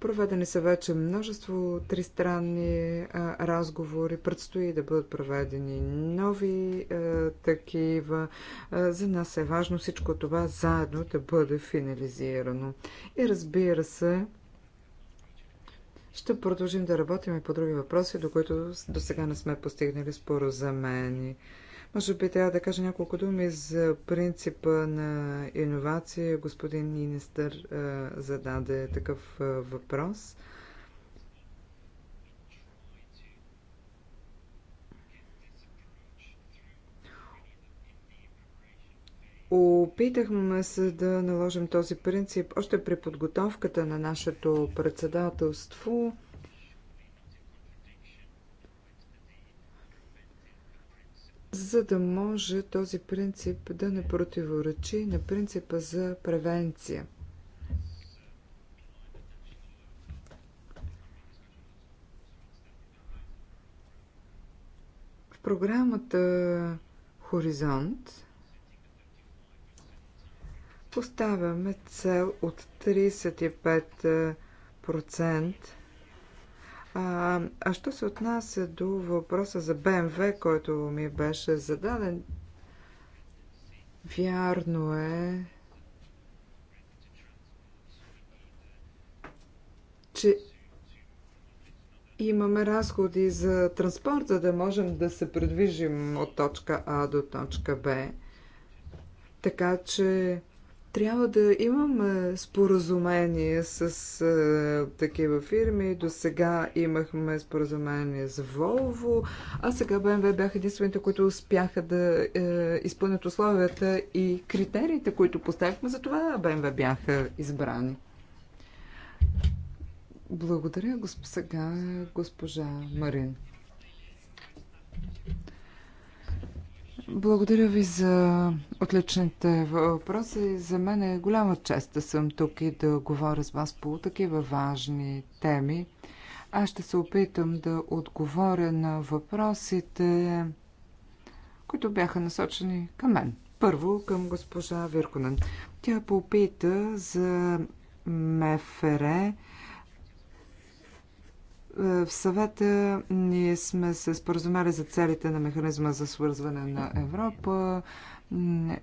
Проведени са вече множество тристранни а, разговори, предстои да бъдат проведени нови а, такива. А, за нас е важно всичко това заедно да бъде финализирано. И разбира се, ще продължим да работим и по други въпроси, до които до сега не сме постигнали споразумение. Може би трябва да кажа няколко думи за принципа на иновация. Господин министър зададе такъв въпрос. Опитахме се да наложим този принцип още при подготовката на нашето председателство. за да може този принцип да не противоречи на принципа за превенция. В програмата Хоризонт поставяме цел от 35% а, а що се отнася до въпроса за БМВ, който ми беше зададен, вярно е, че имаме разходи за транспорт, за да можем да се предвижим от точка А до точка Б. Така че трябва да имаме споразумение с а, такива фирми. До сега имахме споразумение с Volvo, а сега БМВ бяха единствените, които успяха да е, изпълнят условията и критериите, които поставихме. Затова БМВ бяха избрани. Благодаря. Сега госпожа Марин. Благодаря ви за отличните въпроси. За мен е голяма чест да съм тук и да говоря с вас по такива важни теми. Аз ще се опитам да отговоря на въпросите, които бяха насочени към мен. Първо към госпожа Вирконен. Тя попита за МФР е, в съвета ние сме се споразумели за целите на механизма за свързване на Европа. Е,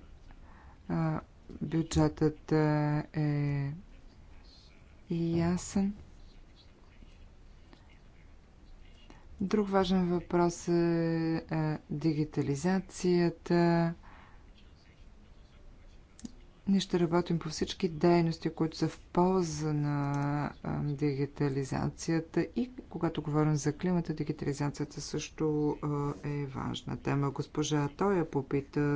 бюджетът е, е ясен. Друг важен въпрос е дигитализацията ние ще работим по всички дейности, които са в полза на дигитализацията и когато говорим за климата, дигитализацията също е важна тема. Госпожа Тоя попита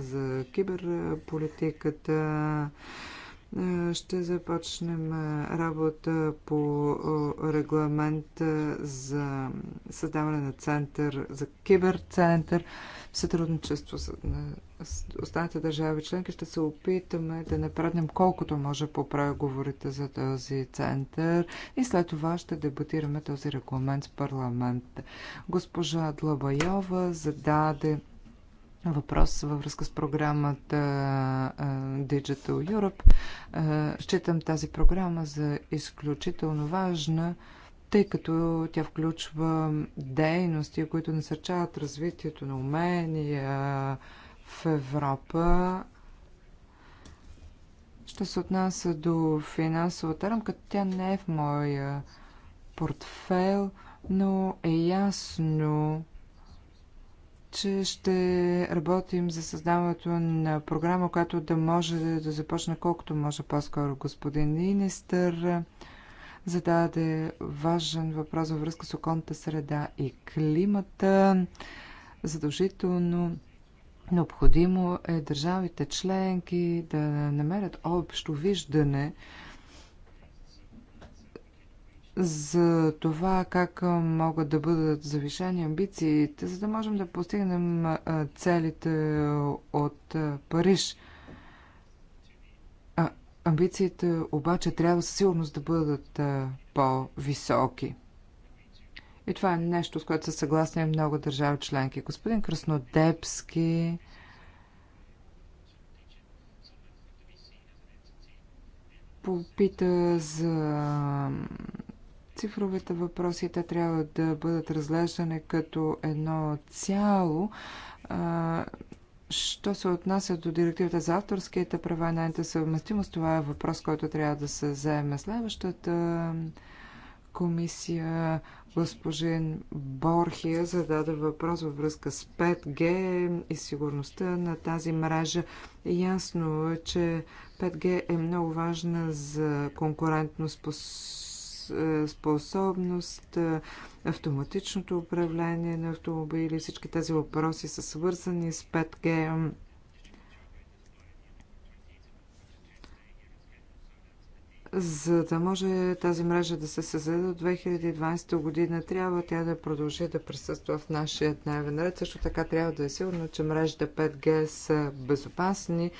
за киберполитиката е, ще започнем е, работа по е, регламента за създаване на център, за киберцентър, в сътрудничество с останалите държави членки. Ще се опитаме да направим колкото може по преговорите за този център и след това ще дебатираме този регламент с парламент. Госпожа Длабайова зададе въпрос във връзка с програмата Digital Europe. Считам тази програма за изключително важна, тъй като тя включва дейности, които насърчават развитието на умения в Европа. Ще се отнася до финансовата рамка, тя не е в моя портфел, но е ясно, че ще работим за създаването на програма, която да може да започне колкото може по-скоро. Господин министър зададе важен въпрос във връзка с околната среда и климата. Задължително необходимо е държавите членки да намерят общо виждане за това как могат да бъдат завишени амбициите, за да можем да постигнем целите от Париж. А, амбициите обаче трябва със сигурност да бъдат по-високи. И това е нещо, с което са съгласни много държави членки. Господин Краснодепски, попита за цифровите въпроси, те трябва да бъдат разглеждани като едно цяло. Що се отнася до директивата за авторските права и нейната съвместимост, това е въпрос, който трябва да се заеме следващата комисия. Госпожин Борхия зададе въпрос във връзка с 5G и сигурността на тази мрежа. Ясно е, че 5G е много важна за конкурентно способност способност, автоматичното управление на автомобили. Всички тези въпроси са свързани с 5G За да може тази мрежа да се създаде до 2020 година, трябва тя да продължи да присъства в нашия дневен ред. Също така трябва да е сигурно, че мрежите 5G са безопасни.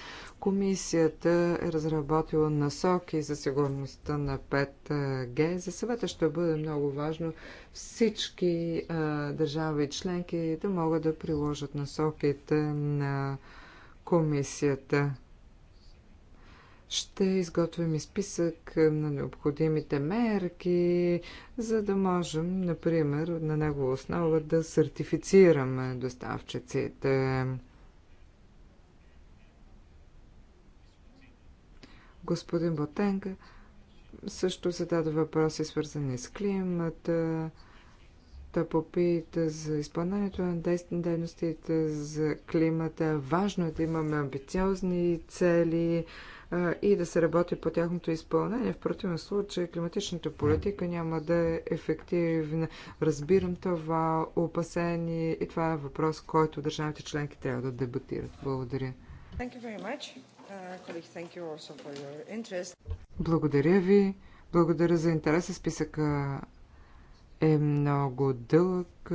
Комисията е разработила насоки за сигурността на 5G. За съвета ще бъде много важно всички а, държави и членки да могат да приложат насоките на комисията ще изготвим и списък е, на необходимите мерки, за да можем, например, на негова основа да сертифицираме доставчиците. Господин Ботенга също зададе въпроси, свързани с климата. Та попита за изпълнението на дейностите за климата. Важно е да имаме амбициозни цели и да се работи по тяхното изпълнение. В противен случай климатичната политика няма да е ефективна. Разбирам това опасение и това е въпрос, който държавите членки трябва да дебатират. Благодаря. Uh, Благодаря ви. Благодаря за интереса. Списъка е много дълъг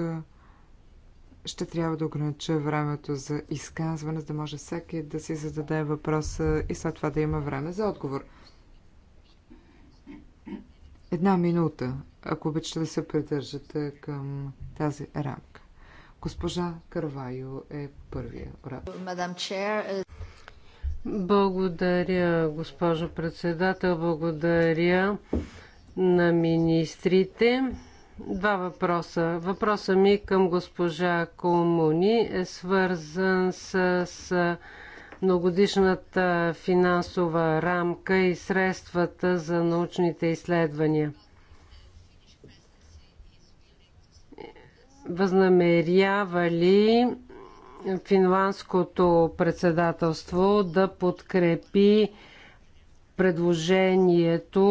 ще трябва да огранича времето за изказване, за да може всеки да си зададе въпроса и след това да има време за отговор. Една минута, ако обичате да се придържате към тази рамка. Госпожа Карвайо е първия оратор. Мадам Чер, е- благодаря, госпожо председател. Благодаря на министрите. Два въпроса. Въпросът ми към госпожа Колмуни е свързан с, с многодишната финансова рамка и средствата за научните изследвания. Възнамерява ли финландското председателство да подкрепи предложението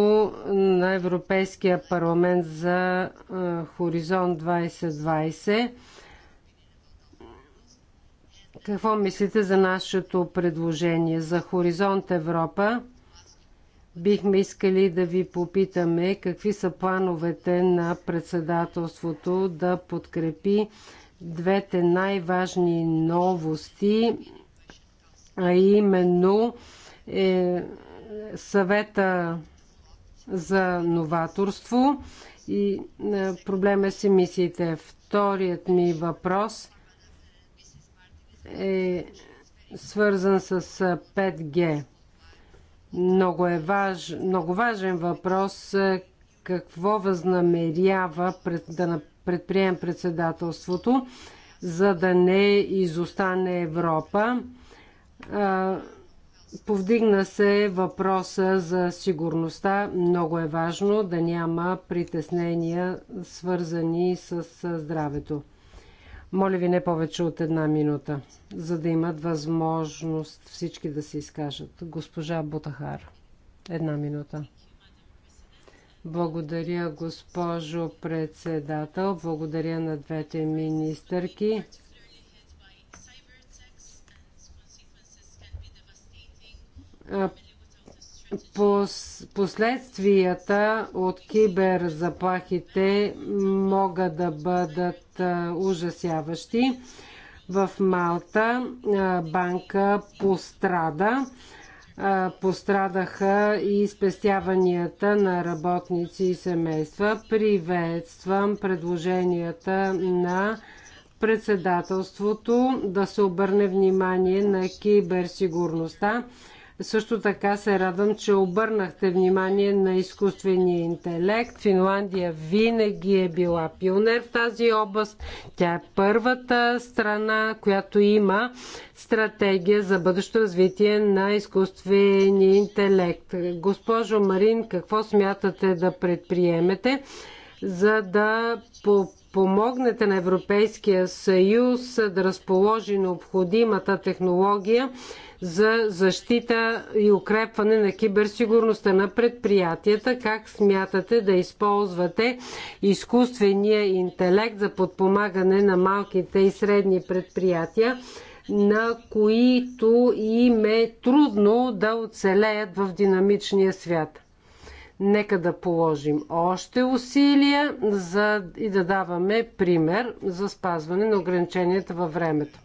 на Европейския парламент за Хоризонт 2020. Какво мислите за нашето предложение за Хоризонт Европа? Бихме искали да ви попитаме какви са плановете на председателството да подкрепи двете най-важни новости, а именно е, съвета за новаторство и е, проблема е с емисиите. Вторият ми въпрос е свързан с 5G. Е, много, е важ, много важен въпрос. Какво възнамерява пред, да предприем председателството, за да не изостане Европа? Повдигна се въпроса за сигурността. Много е важно да няма притеснения, свързани с здравето. Моля ви не повече от една минута, за да имат възможност всички да се изкажат. Госпожа Бутахар, една минута. Благодаря, госпожо председател. Благодаря на двете министърки. последствията от киберзаплахите могат да бъдат ужасяващи. В Малта банка пострада. Пострадаха и спестяванията на работници и семейства. Приветствам предложенията на председателството да се обърне внимание на киберсигурността също така се радвам, че обърнахте внимание на изкуствения интелект. Финландия винаги е била пионер в тази област. Тя е първата страна, която има стратегия за бъдещо развитие на изкуствения интелект. Госпожо Марин, какво смятате да предприемете, за да по помогнете на Европейския съюз да разположи необходимата технология? за защита и укрепване на киберсигурността на предприятията. Как смятате да използвате изкуствения интелект за подпомагане на малките и средни предприятия? на които им е трудно да оцелеят в динамичния свят. Нека да положим още усилия за, и да даваме пример за спазване на ограниченията във времето.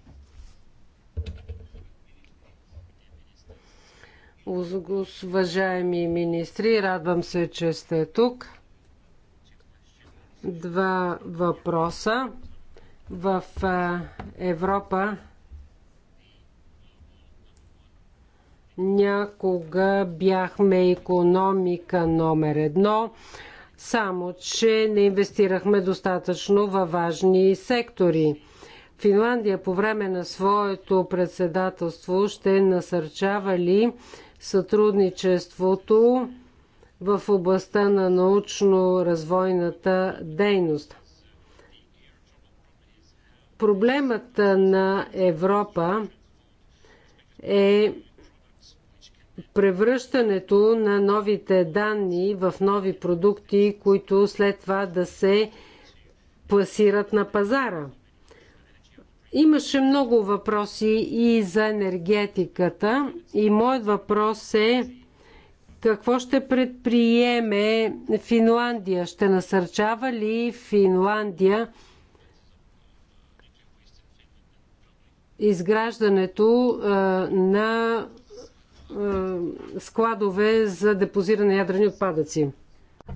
уважаеми министри, радвам се, че сте тук. Два въпроса. В Европа някога бяхме економика номер едно, само че не инвестирахме достатъчно във важни сектори. Финландия по време на своето председателство ще насърчава ли сътрудничеството в областта на научно-развойната дейност. Проблемът на Европа е превръщането на новите данни в нови продукти, които след това да се пласират на пазара – Имаше много въпроси и за енергетиката. И моят въпрос е какво ще предприеме Финландия? Ще насърчава ли Финландия изграждането на складове за депозиране ядрени отпадъци?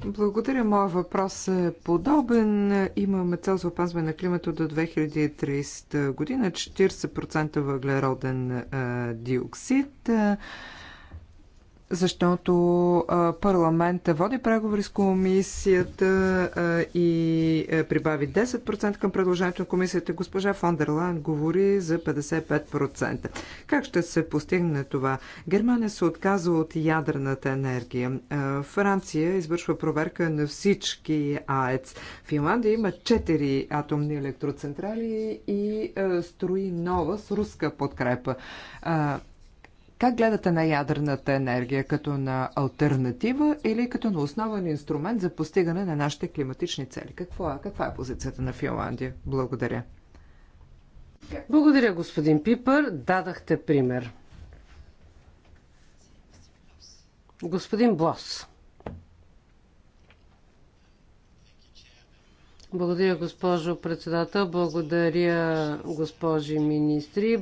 Благодаря. Моя въпрос е подобен. Имаме цел за опазване на климата до 2030 година. 40% въглероден диоксид защото а, парламента води преговори с комисията а, и а, е, прибави 10% към предложението на комисията. Госпожа Фондерлайн говори за 55%. Как ще се постигне това? Германия се отказва от ядрената енергия. А, Франция извършва проверка на всички АЕЦ. Финландия има 4 атомни електроцентрали и а, е, строи нова с руска подкрепа. А, как гледате на ядрената енергия? Като на альтернатива или като на основен инструмент за постигане на нашите климатични цели? Какво е, каква е позицията на Финландия? Благодаря. Благодаря, господин Пипър. Дадахте пример. Господин Блос. Благодаря, госпожо председател. Благодаря, госпожи министри.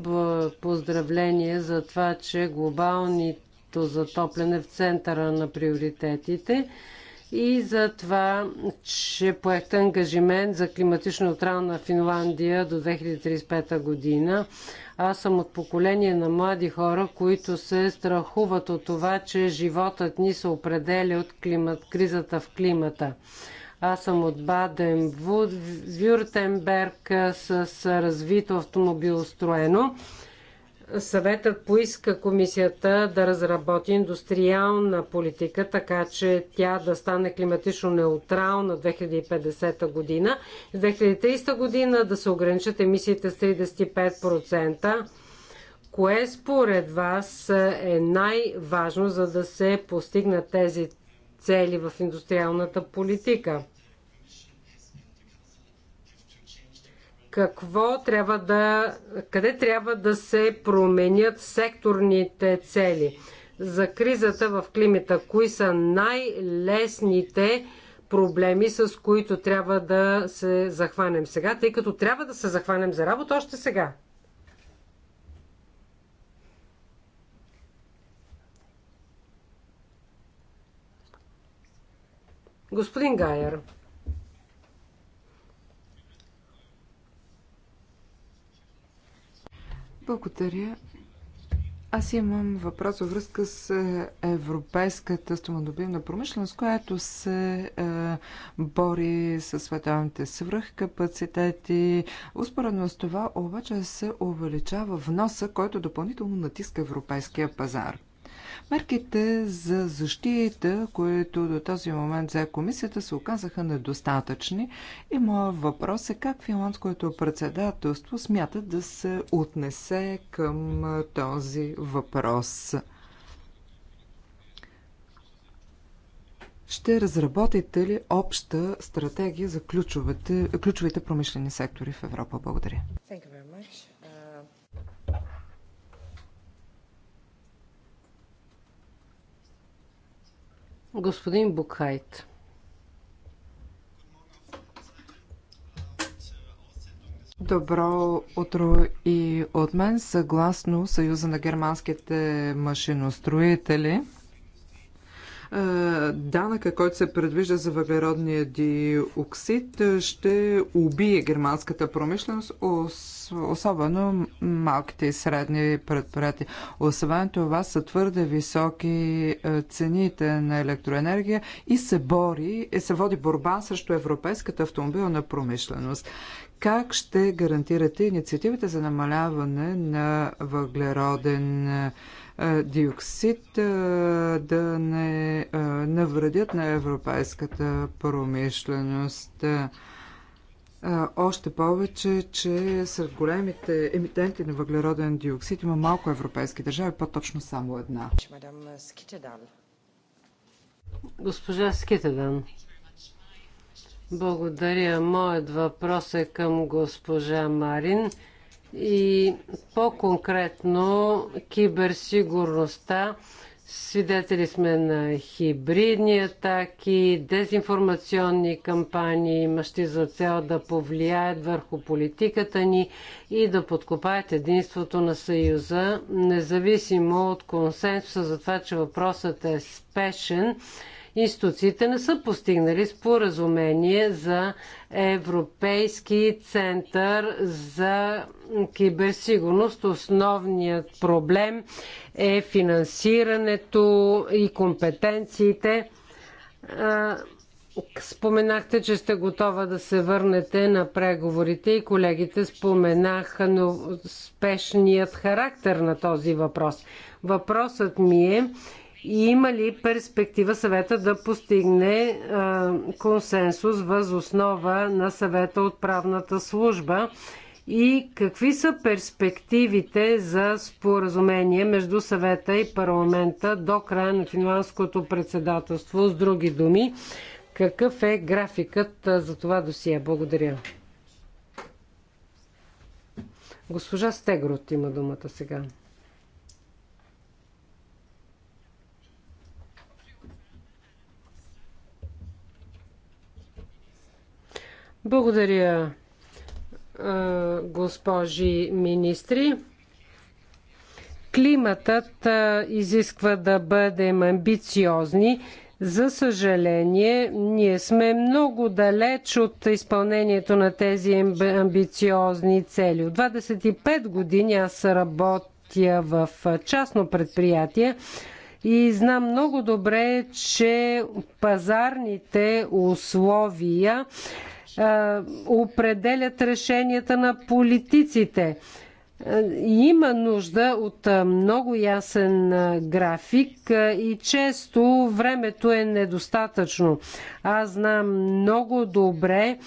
Поздравление за това, че глобалното затопляне в центъра на приоритетите и за това, че поехте ангажимент за климатично на Финландия до 2035 година. Аз съм от поколение на млади хора, които се страхуват от това, че животът ни се определя от климат, кризата в климата. Аз съм от Баден Вюртенберг с развито автомобилостроено. Съветът поиска комисията да разработи индустриална политика, така че тя да стане климатично неутрална 2050 година. В 2030 година да се ограничат емисиите с 35%. Кое според вас е най-важно, за да се постигнат тези цели в индустриалната политика? какво трябва да, къде трябва да се променят секторните цели. За кризата в климата, кои са най-лесните проблеми, с които трябва да се захванем сега, тъй като трябва да се захванем за работа още сега. Господин Гайер. Благодаря. Аз имам въпрос във връзка с е, европейската стомодобивна промишленост, която се е, бори с световните свръхкапацитети. Успоредно с това обаче се увеличава вноса, който допълнително натиска европейския пазар. Мерките за защита, които до този момент за комисията, се оказаха недостатъчни и моят въпрос е как финландското председателство смята да се отнесе към този въпрос. Ще разработите ли обща стратегия за ключовите, ключовите промишлени сектори в Европа? Благодаря. Thank you very much. Господин Букхайт. Добро утро и от мен, съгласно Съюза на германските машиностроители. Е, данъка, който се предвижда за въглеродния диоксид, е, ще убие германската промишленост, особено малките и средни предприятия. Освен това са твърде високи е, цените на електроенергия и се бори, и се води борба срещу европейската автомобилна промишленост. Как ще гарантирате инициативите за намаляване на въглероден диоксид? Е, диоксид е, да не е, навредят на европейската промишленост. Още повече, че сред големите емитенти на въглероден диоксид има малко европейски държави, по-точно само една. Госпожа Скитедан. Благодаря. Моят въпрос е към госпожа Марин и по-конкретно киберсигурността. Свидетели сме на хибридни атаки, дезинформационни кампании, имащи за цел да повлияят върху политиката ни и да подкопаят единството на Съюза, независимо от консенсуса за това, че въпросът е спешен институциите не са постигнали споразумение за Европейски център за киберсигурност. Основният проблем е финансирането и компетенциите. Споменахте, че сте готова да се върнете на преговорите и колегите споменаха но спешният характер на този въпрос. Въпросът ми е и има ли перспектива съвета да постигне а, консенсус въз основа на съвета от правната служба? И какви са перспективите за споразумение между съвета и парламента до края на финландското председателство? С други думи, какъв е графикът за това досие? Благодаря. Госпожа Стегрот има думата сега. Благодаря, госпожи министри. Климатът изисква да бъдем амбициозни. За съжаление, ние сме много далеч от изпълнението на тези амбициозни цели. От 25 години аз работя в частно предприятие и знам много добре, че пазарните условия е, определят решенията на политиците. Е, има нужда от е, много ясен график и често времето е недостатъчно. Аз знам много добре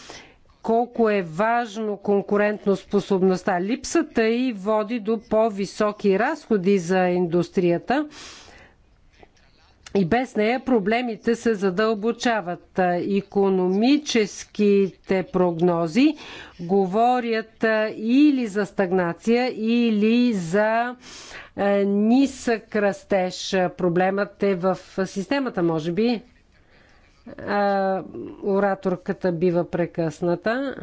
колко е важно конкурентно способността. Липсата и води до по-високи разходи за индустрията и без нея проблемите се задълбочават. Економическите прогнози говорят или за стагнация, или за нисък растеж. Проблемът е в системата, може би. Ораторката бива прекъсната.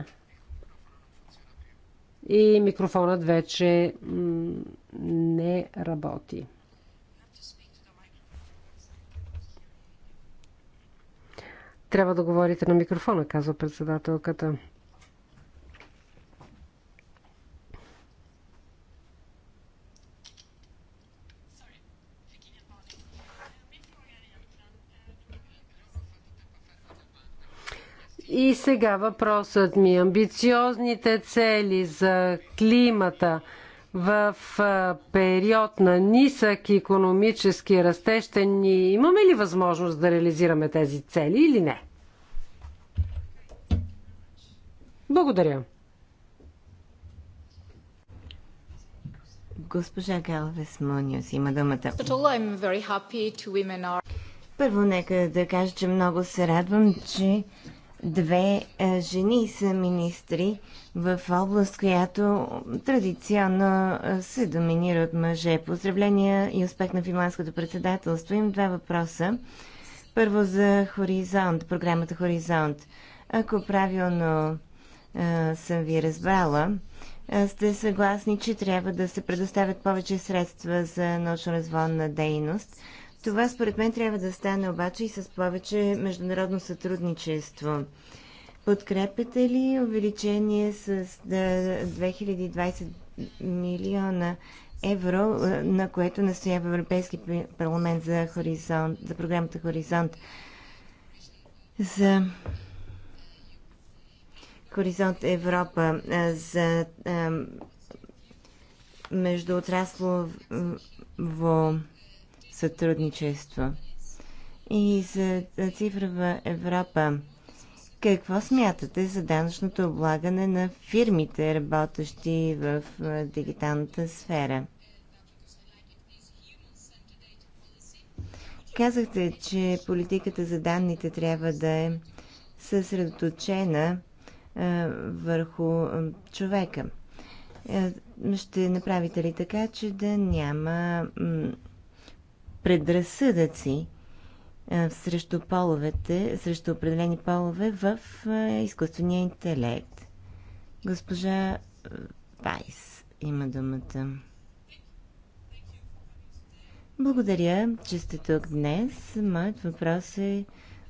И микрофонът вече не работи. Трябва да говорите на микрофона, казва председателката. И сега въпросът ми. Амбициозните цели за климата – в период на нисък економически растеж ще ни имаме ли възможност да реализираме тези цели или не? Благодаря. Госпожа Галвес Муниус има думата. Първо нека да кажа, че много се радвам, че две е, жени са министри в област, която традиционно е, се доминира от мъже. Поздравления и успех на финландското председателство. Имам два въпроса. Първо за Хоризонт, програмата Хоризонт. Ако правилно а, е, съм ви разбрала, а, сте съгласни, че трябва да се предоставят повече средства за научно-развонна дейност – това според мен трябва да стане обаче и с повече международно сътрудничество. Подкрепяте ли увеличение с 2020 милиона евро, е, на което настоява Европейски парламент за, хоризонт, за програмата Хоризонт? За Хоризонт Европа, е, за е, междуотраслово сътрудничество. И за цифрова Европа. Какво смятате за данъчното облагане на фирмите, работещи в дигиталната сфера? Казахте, че политиката за данните трябва да е съсредоточена върху човека. Е, ще направите ли така, че да няма предразсъдъци срещу половете, срещу определени полове в изкуствения интелект. Госпожа Вайс има думата. Благодаря, че сте тук днес. Моят въпрос е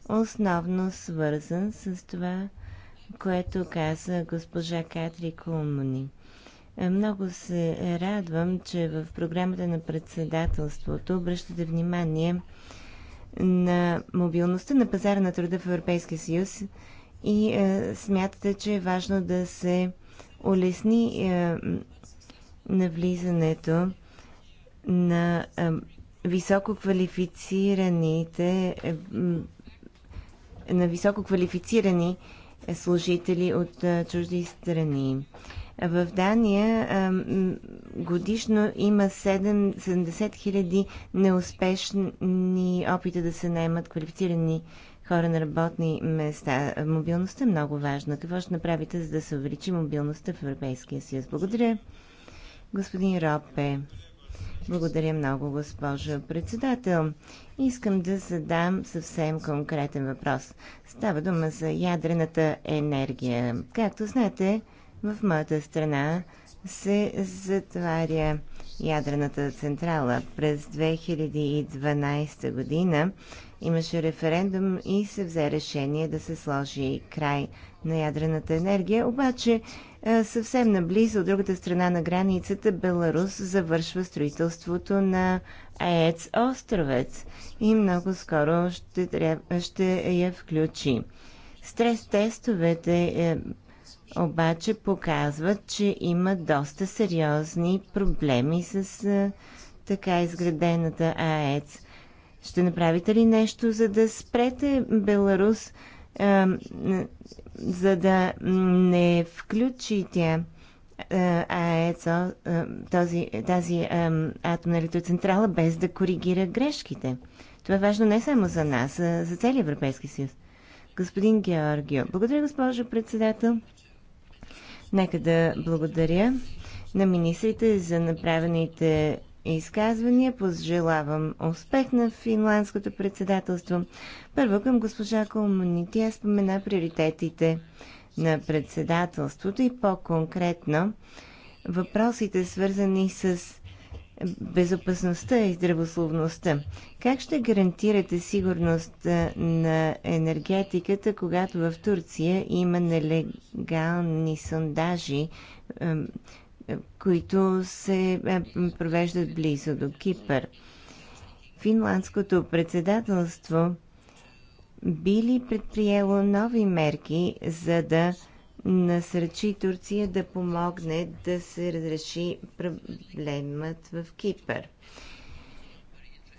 основно свързан с това, което каза госпожа Катри Кулмани. Много се радвам, че в програмата на председателството обръщате внимание на мобилността на пазара на труда в Европейския съюз и е, смятате, че е важно да се улесни е, навлизането на е, високо квалифицираните е, на висококвалифицирани служители от е, чужди страни. В Дания годишно има 70 хиляди неуспешни опита да се наймат квалифицирани хора на работни места. Мобилността е много важна. Какво ще направите, за да се увеличи мобилността в Европейския съюз? Благодаря, господин Ропе. Благодаря много, госпожо председател. Искам да задам съвсем конкретен въпрос. Става дума за ядрената енергия. Както знаете, в моята страна се затваря ядрената централа. През 2012 година имаше референдум и се взе решение да се сложи край на ядрената енергия. Обаче е, съвсем наблизо, от другата страна на границата, Беларус завършва строителството на АЕЦ Островец и много скоро ще, ще я включи. Стрес тестовете е, обаче показват, че има доста сериозни проблеми с а, така изградената АЕЦ. Ще направите ли нещо, за да спрете Беларус, а, за да не включи тя АЕЦ, този, тази атомна електроцентрала, без да коригира грешките? Това е важно не само за нас, а за целия Европейски съюз. Господин Георгио, благодаря, госпожо председател. Нека да благодаря на министрите за направените изказвания. Пожелавам успех на финландското председателство. Първо към госпожа Колмани. Тя спомена приоритетите на председателството и по-конкретно въпросите свързани с безопасността и здравословността. Как ще гарантирате сигурност на енергетиката, когато в Турция има нелегални сондажи, които се провеждат близо до Кипър? Финландското председателство би ли предприело нови мерки, за да насръчи Турция да помогне да се разреши проблемът в Кипър.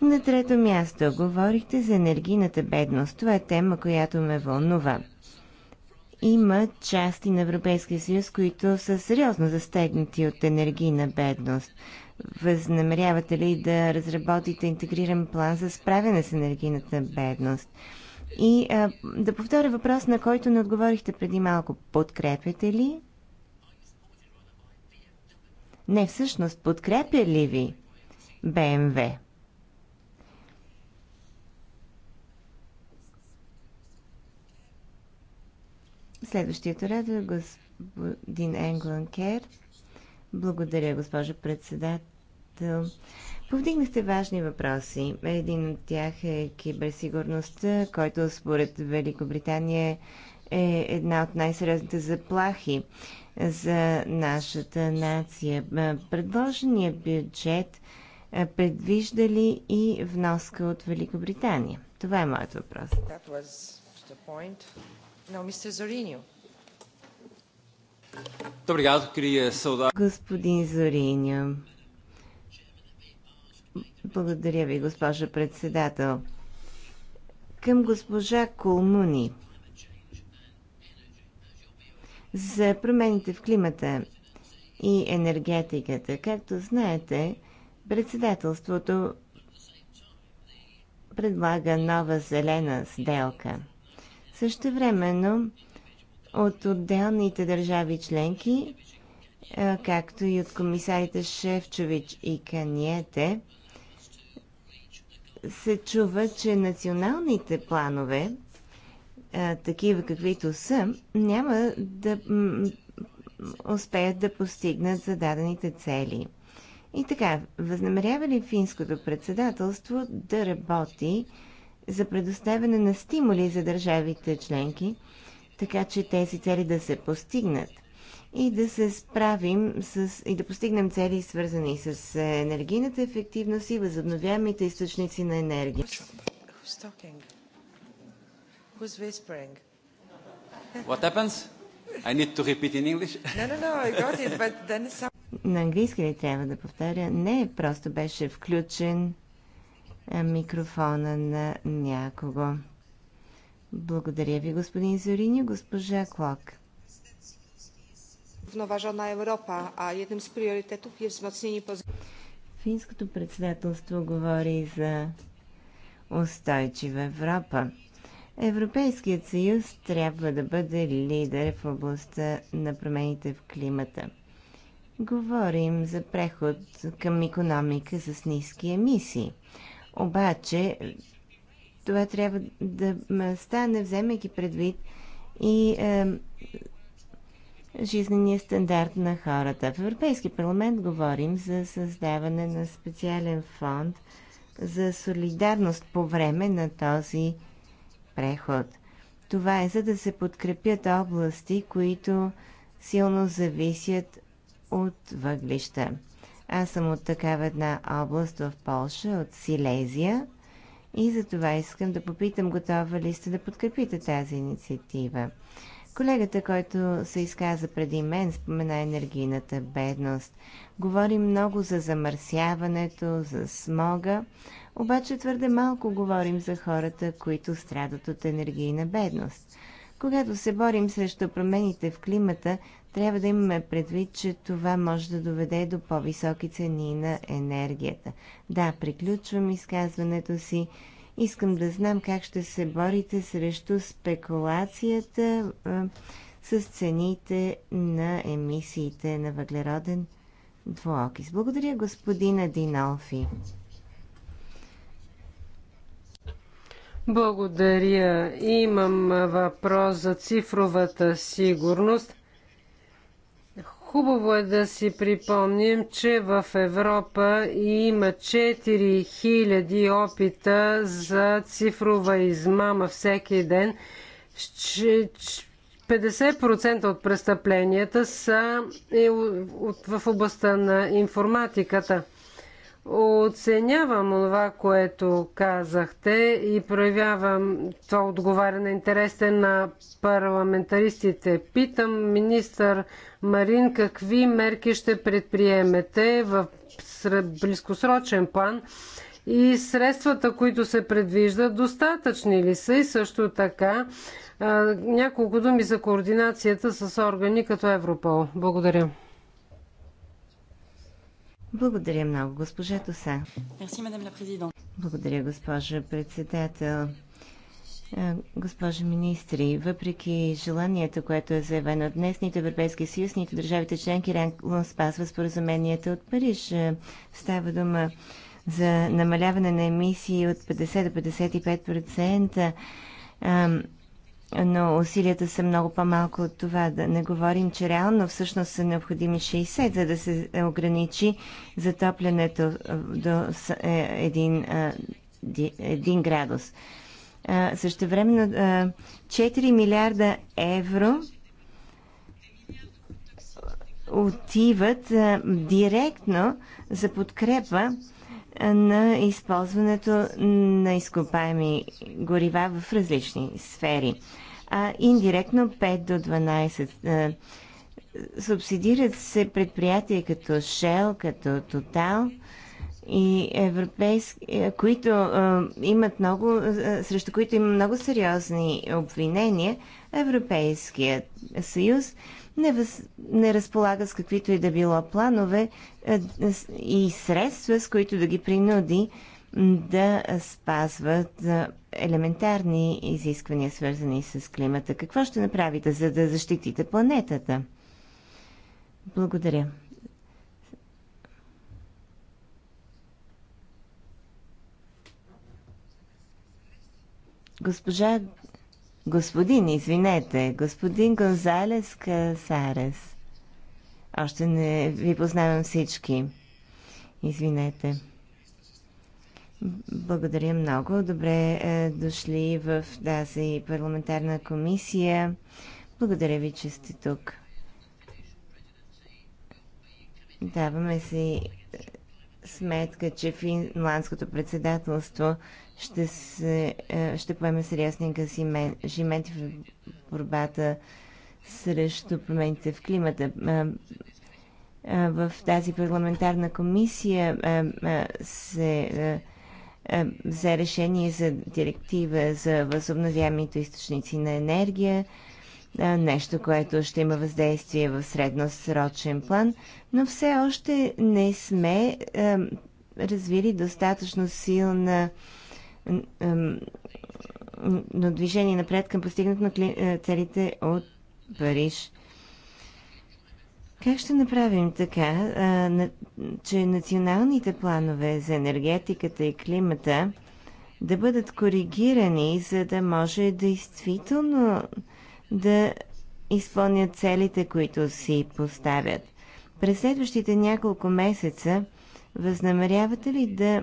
На трето място говорихте за енергийната бедност. Това е тема, която ме вълнува. Има части на Европейския съюз, които са сериозно застегнати от енергийна бедност. Възнамерявате ли да разработите интегриран план за справяне с енергийната бедност? И а, да повторя въпрос, на който не отговорихте преди малко. Подкрепяте ли? Не, всъщност, подкрепя ли ви БМВ? Следващият ред е господин Енгланкер. Благодаря, госпожо председател. Повдигнахте важни въпроси. Един от тях е киберсигурността, който според Великобритания е една от най-сериозните заплахи за нашата нация. Е, предложения бюджет е, предвижда ли и вноска от Великобритания? Това е моят въпрос. Господин Зориньо, благодаря ви, госпожа председател. Към госпожа Колмуни за промените в климата и енергетиката. Както знаете, председателството предлага нова зелена сделка. Също времено от отделните държави членки, както и от комисарите Шевчович и Каниете, се чува, че националните планове, а, такива каквито са, няма да успеят да постигнат зададените цели. И така, възнамерява ли финското председателство да работи за предоставяне на стимули за държавите членки, така че тези цели да се постигнат – и да се справим с, и да постигнем цели, свързани с е, енергийната ефективност и възобновяемите източници на енергия. На английски ли трябва да повторя? Не, просто беше включен е, микрофона на някого. Благодаря ви, господин Зорини, госпожа Клок zrównoważona Europa, a jednym z priorytetów jest wzmocnienie pozycji. Финското председателство говори за устойчива Европа. Европейският съюз трябва да бъде лидер в областта на промените в климата. Говорим за преход към економика с ниски емисии. Обаче, това трябва да стане, вземайки предвид и е, жизнения стандарт на хората. В Европейски парламент говорим за създаване на специален фонд за солидарност по време на този преход. Това е за да се подкрепят области, които силно зависят от въглища. Аз съм от такава една област в Полша, от Силезия, и за това искам да попитам, готова ли сте да подкрепите тази инициатива. Колегата, който се изказа преди мен, спомена енергийната бедност. Говори много за замърсяването, за смога, обаче твърде малко говорим за хората, които страдат от енергийна бедност. Когато се борим срещу промените в климата, трябва да имаме предвид, че това може да доведе до по-високи цени на енергията. Да, приключвам изказването си Искам да знам как ще се борите срещу спекулацията с цените на емисиите на въглероден двуокис. Благодаря, господина Динолфи. Благодаря. Имам въпрос за цифровата сигурност. Хубаво е да си припомним, че в Европа има 4000 опита за цифрова измама всеки ден. 50% от престъпленията са е, в областта на информатиката. Оценявам това, което казахте и проявявам това отговаря на интересите на парламентаристите. Питам министър Марин какви мерки ще предприемете в близкосрочен план и средствата, които се предвиждат, достатъчни ли са и също така няколко думи за координацията с органи като Европол. Благодаря. Благодаря много, госпожа Тоса. Благодаря, госпожа председател. Е, госпожа министри, въпреки желанието, което е заявено днес, нито Европейския съюз, нито държавите членки рангло спазва споразуменията от Париж. Е, става дума за намаляване на емисии от 50 до 55% но усилията са много по-малко от това. Да не говорим, че реално всъщност са необходими 60, за да се ограничи затоплянето до 1 е, градус. Също времено 4 милиарда евро отиват директно за подкрепа на използването на изкопаеми горива в различни сфери а индиректно 5 до 12. Е, субсидират се предприятия като Shell, като Total и европейски, е, които а, е, имат много, а, срещу които има много сериозни обвинения, Европейският съюз не, въз, не разполага с каквито и да било планове и средства, с които да ги принуди да спазват елементарни изисквания, свързани с климата. Какво ще направите, за да защитите планетата? Благодаря. Госпожа... Господин, извинете, господин Гонзалес Касарес. Още не ви познавам всички. Извинете. Благодаря много. Добре е, дошли в тази парламентарна комисия. Благодаря ви, че сте тук. Даваме си е, сметка, че финландското председателство ще, се, е, ще поеме сериозни ангажименти в борбата срещу промените в климата. Е, в тази парламентарна комисия се е, взе решение за директива за възобновяемите източници на енергия, е, нещо, което ще има въздействие в средносрочен план, но все още не сме е, развили достатъчно силна на движение напред към постигнат на целите от Париж – как ще направим така, че националните планове за енергетиката и климата да бъдат коригирани, за да може действително да изпълнят целите, които си поставят? През следващите няколко месеца възнамерявате ли да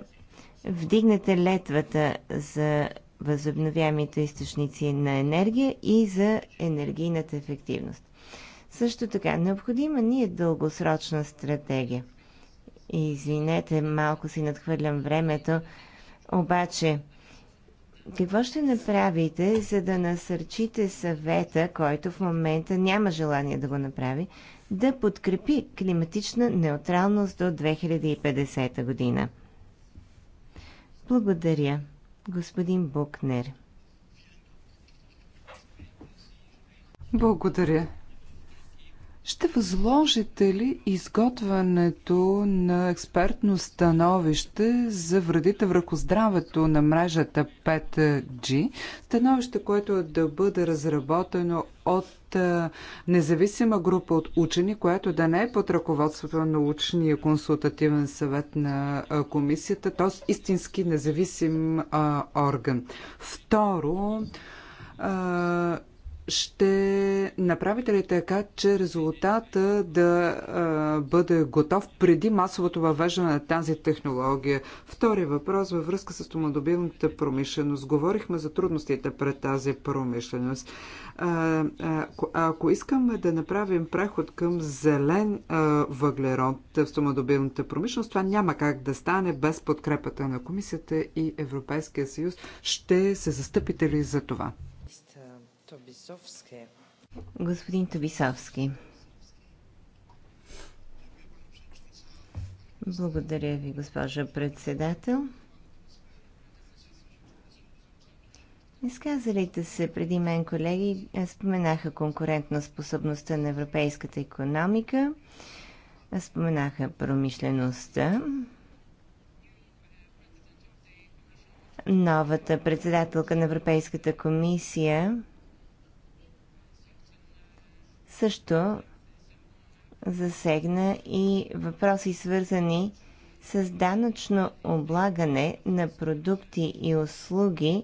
вдигнете летвата за възобновяемите източници на енергия и за енергийната ефективност? Също така, необходима ни е дългосрочна стратегия. Извинете, малко си надхвърлям времето, обаче какво ще направите, за да насърчите съвета, който в момента няма желание да го направи, да подкрепи климатична неутралност до 2050 година? Благодаря, господин Букнер. Благодаря. Ще възложите ли изготвянето на експертно становище за вредите върху здравето на мрежата 5G? Становище, което е да бъде разработено от независима група от учени, което да не е под ръководството на научния консултативен съвет на комисията, т.е. истински независим орган. Второ, ще направите ли така, че резултата да а, бъде готов преди масовото въвеждане на тази технология? Втори въпрос във връзка с томодобилната промишленост. Говорихме за трудностите пред тази промишленост. А, а, ако искаме да направим преход към зелен а, въглерод в стомодобилната промишленост, това няма как да стане без подкрепата на Комисията и Европейския съюз. Ще се застъпите ли за това? Тобисовски. Господин Тобисовски. Благодаря ви, госпожа председател. Изказалите се преди мен колеги споменаха конкурентна способността на европейската економика, споменаха промишлеността, новата председателка на Европейската комисия също засегна и въпроси свързани с данъчно облагане на продукти и услуги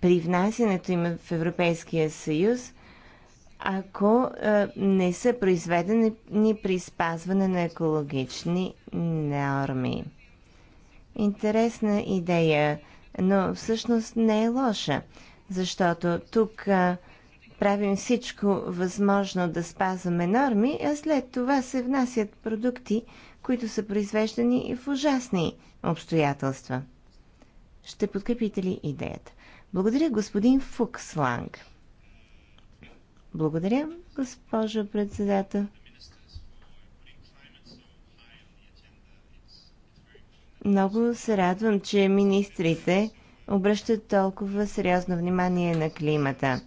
при внасянето им в Европейския съюз, ако не са произведени ни при спазване на екологични норми. Интересна идея, но всъщност не е лоша, защото тук е, правим всичко възможно да спазваме норми, а след това се внасят продукти, които са произвеждани в ужасни обстоятелства. Ще подкрепите ли идеята? Благодаря, господин Фуксланг. Благодаря, госпожо председател. Много се радвам, че министрите обръщат толкова сериозно внимание на климата.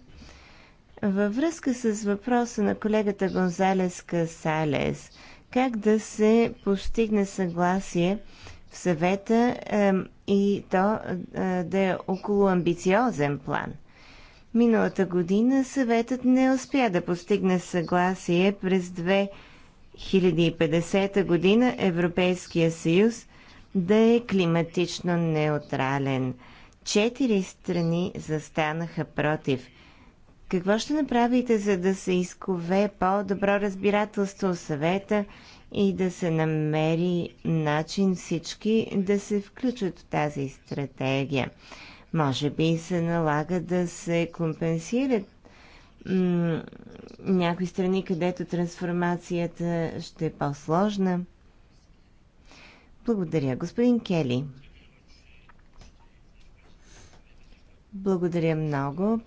Във връзка с въпроса на колегата Гонзалес Касалес, как да се постигне съгласие в съвета е, и то е, да е около амбициозен план. Миналата година съветът не успя да постигне съгласие през 2050 година Европейския съюз да е климатично неутрален. Четири страни застанаха против – какво ще направите, за да се изкове по-добро разбирателство в съвета и да се намери начин всички да се включат в тази стратегия? Може би се налага да се компенсират някои страни, където трансформацията ще е по-сложна. Благодаря, господин Кели. Благодаря много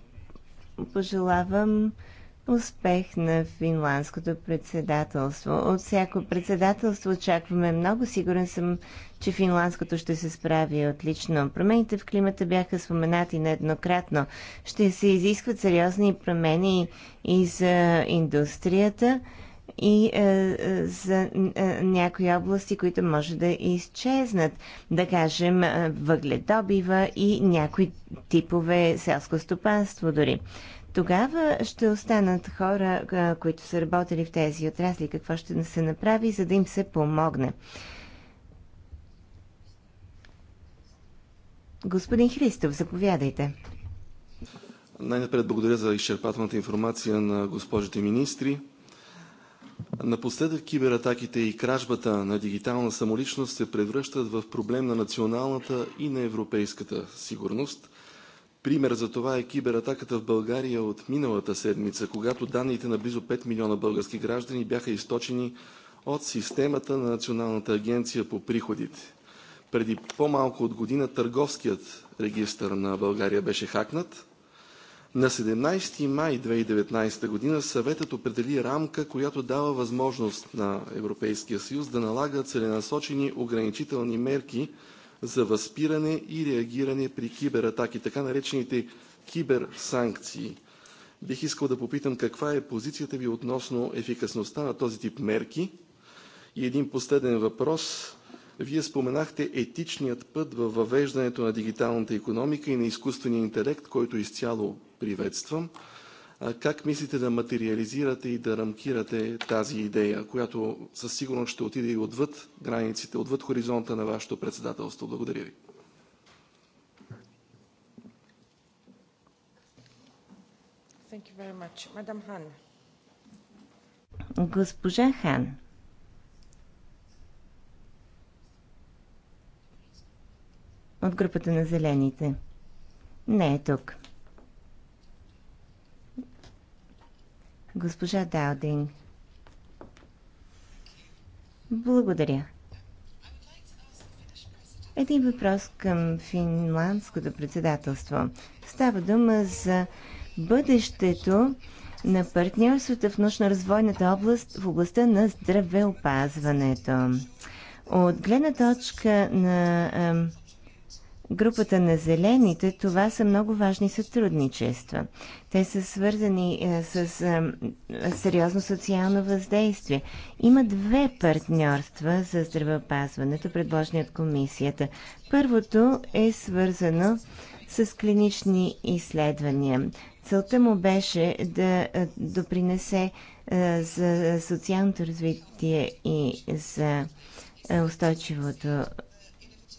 пожелавам успех на финландското председателство. От всяко председателство очакваме много. Сигурен съм, че финландското ще се справи отлично. Промените в климата бяха споменати нееднократно. Ще се изискват сериозни промени и за индустрията и е, е, за е, някои области, които може да изчезнат, да кажем е, въгледобива и някои типове селско стопанство дори. Тогава ще останат хора, е, които са работили в тези отрасли. Какво ще се направи, за да им се помогне? Господин Христов, заповядайте. Най-напред благодаря за изчерпателната информация на госпожите министри. Напоследък кибератаките и кражбата на дигитална самоличност се превръщат в проблем на националната и на европейската сигурност. Пример за това е кибератаката в България от миналата седмица, когато данните на близо 5 милиона български граждани бяха източени от системата на Националната агенция по приходите. Преди по-малко от година търговският регистр на България беше хакнат на 17 май 2019 година съветът определи рамка, която дава възможност на Европейския съюз да налага целенасочени ограничителни мерки за възпиране и реагиране при кибератаки, така наречените киберсанкции. Бих искал да попитам каква е позицията ви относно ефикасността на този тип мерки. И един последен въпрос. Вие споменахте етичният път във въвеждането на дигиталната економика и на изкуствения интелект, който изцяло приветствам. Как мислите да материализирате и да рамкирате тази идея, която със сигурност ще отиде и отвъд границите, отвъд хоризонта на вашето председателство? Благодаря ви. Госпожа Хан. От групата на зелените. Не е тук. Госпожа Далдин. Благодаря. Един въпрос към финландското председателство. Става дума за бъдещето на партньорствата в научно-развойната област в областта на здравеопазването. От гледна точка на групата на зелените, това са много важни сътрудничества. Те са свързани е, с е, сериозно социално въздействие. Има две партньорства за здравеопазването, предложени от комисията. Първото е свързано с клинични изследвания. Целта му беше да е, допринесе за социалното развитие и за устойчивото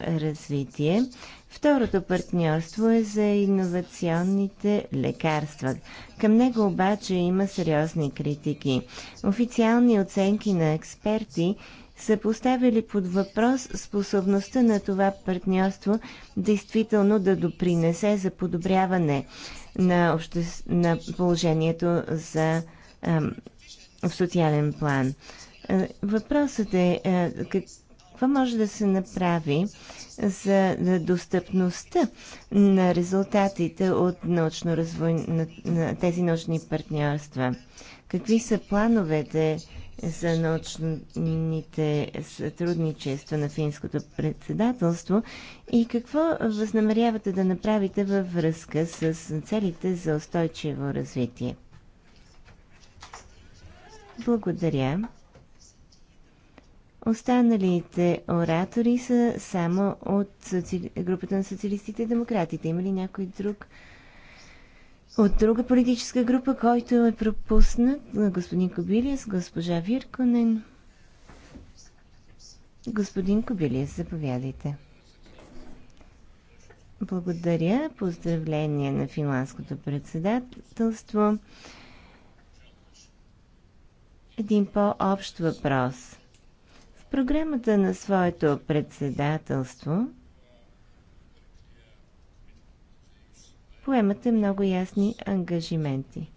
развитие. Второто партньорство е за иновационните лекарства. Към него обаче има сериозни критики. Официални оценки на експерти са поставили под въпрос способността на това партньорство действително да допринесе за подобряване на, обще... на положението за, ам, в социален план. Е, въпросът е, е какво може да се направи, за достъпността на резултатите от научно развой, на, на тези научни партньорства. Какви са плановете за научните сътрудничества на финското председателство и какво възнамерявате да направите във връзка с целите за устойчиво развитие? Благодаря. Останалите оратори са само от соци... групата на социалистите и демократите. Има ли някой друг от друга политическа група, който е пропуснат? Господин Кобилиас, госпожа Вирконен. Господин Кобилиас, заповядайте. Благодаря. Поздравление на финландското председателство. Един по-общ въпрос – програмата на своето председателство поемате много ясни ангажименти.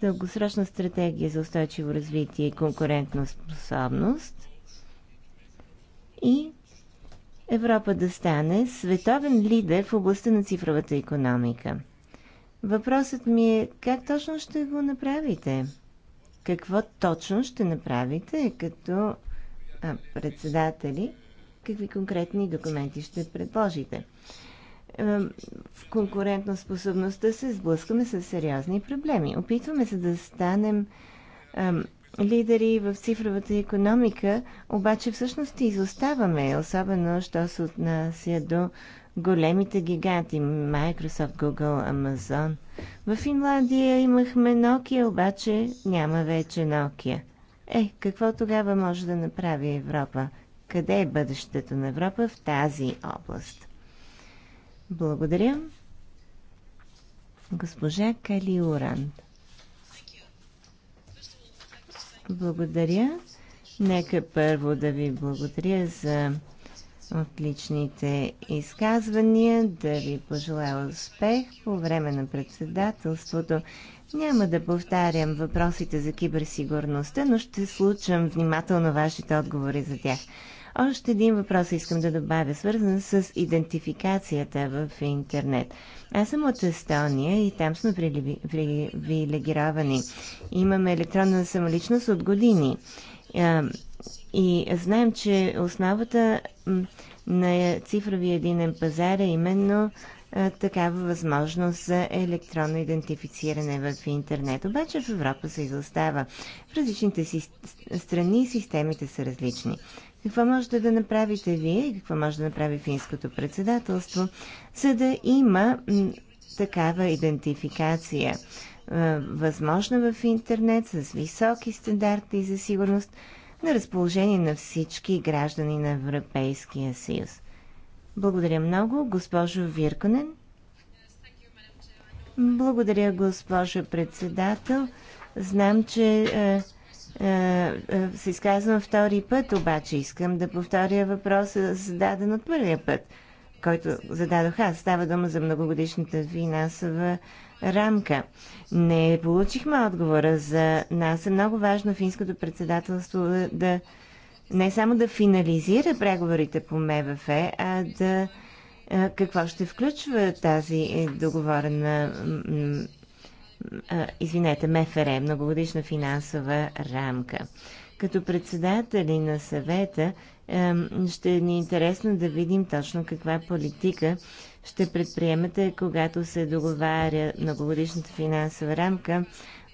Дългосрочна стратегия за устойчиво развитие и конкурентна способност и Европа да стане световен лидер в областта на цифровата економика. Въпросът ми е как точно ще го направите? Какво точно ще направите като а, председатели? Какви конкретни документи ще предложите? Е, в конкурентна способността се сблъскаме с сериозни проблеми. Опитваме се да станем лидери в цифровата економика, обаче всъщност изоставаме, особено що се отнася до големите гиганти Microsoft, Google, Amazon. В Финландия имахме Nokia, обаче няма вече Nokia. Е, какво тогава може да направи Европа? Къде е бъдещето на Европа в тази област? Благодаря. Госпожа Кали Уран. Благодаря. Нека първо да ви благодаря за Отличните изказвания, да ви пожелая успех по време на председателството. Няма да повтарям въпросите за киберсигурността, но ще случам внимателно вашите отговори за тях. Още един въпрос искам да добавя, свързан с идентификацията в интернет. Аз съм от Естония и там сме привилегировани. Имаме електронна самоличност от години. И знаем, че основата на цифровия единен пазар е именно такава възможност за електронно идентифициране в интернет. Обаче в Европа се изостава. В различните си... страни системите са различни. Какво можете да направите вие и какво може да направи финското председателство, за да има такава идентификация? възможна в интернет с високи стандарти за сигурност, на разположение на всички граждани на Европейския съюз. Благодаря много, госпожо Вирконен. Благодаря, госпожо председател. Знам, че е, е, е, се изказвам втори път, обаче искам да повторя въпроса, зададен от първия път, който зададох аз. Става дума за многогодишната финансова рамка. Не получихме отговора. За нас е много важно финското председателство да не само да финализира преговорите по МВФ, а да какво ще включва тази договорена извинете, МФР, многогодишна финансова рамка. Като председатели на съвета ще ни е интересно да видим точно каква политика ще предприемете, когато се договаря на годишната финансова рамка,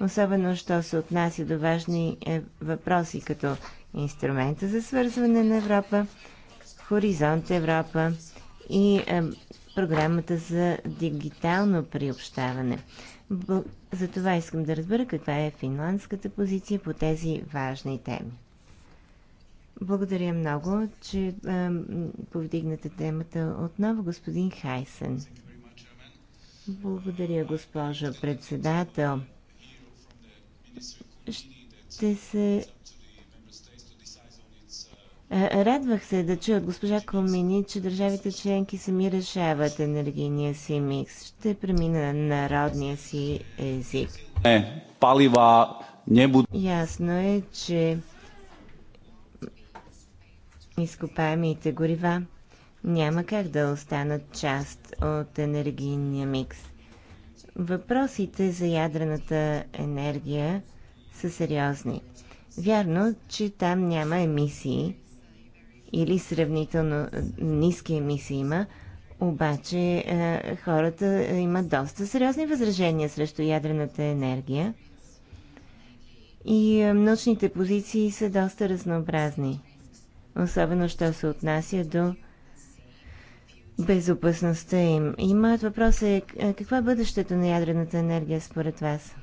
особено що се отнася до важни е, въпроси, като инструмента за свързване на Европа, Хоризонт Европа и е, програмата за дигитално приобщаване. За това искам да разбера каква е финландската позиция по тези важни теми. Благодаря много, че е, повдигнате темата отново, господин Хайсен. Благодаря, госпожа председател. Ще се... Радвах се да чуя от госпожа Комини, че държавите членки сами решават енергийния си микс. Ще премина на народния си език. Не, палива не буд... Ясно е, че изкопаемите горива няма как да останат част от енергийния микс. Въпросите за ядрената енергия са сериозни. Вярно, че там няма емисии или сравнително ниски емисии има, обаче е, хората имат доста сериозни възражения срещу ядрената енергия и е, научните позиции са доста разнообразни особено що се отнася до безопасността им. И моят въпрос е, какво е бъдещето на ядрената енергия според вас?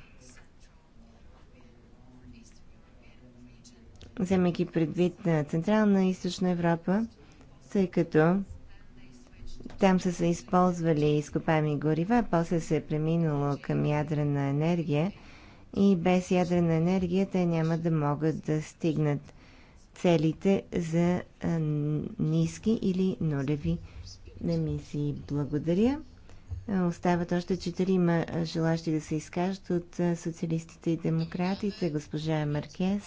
Вземайки предвид на Централна и Източна Европа, тъй като там са се използвали изкопаеми горива, после се е преминало към ядрена енергия и без ядрена енергия те няма да могат да стигнат целите за ниски или нулеви емисии. Благодаря. Остават още четирима желащи да се изкажат от социалистите и демократите. Госпожа Маркес.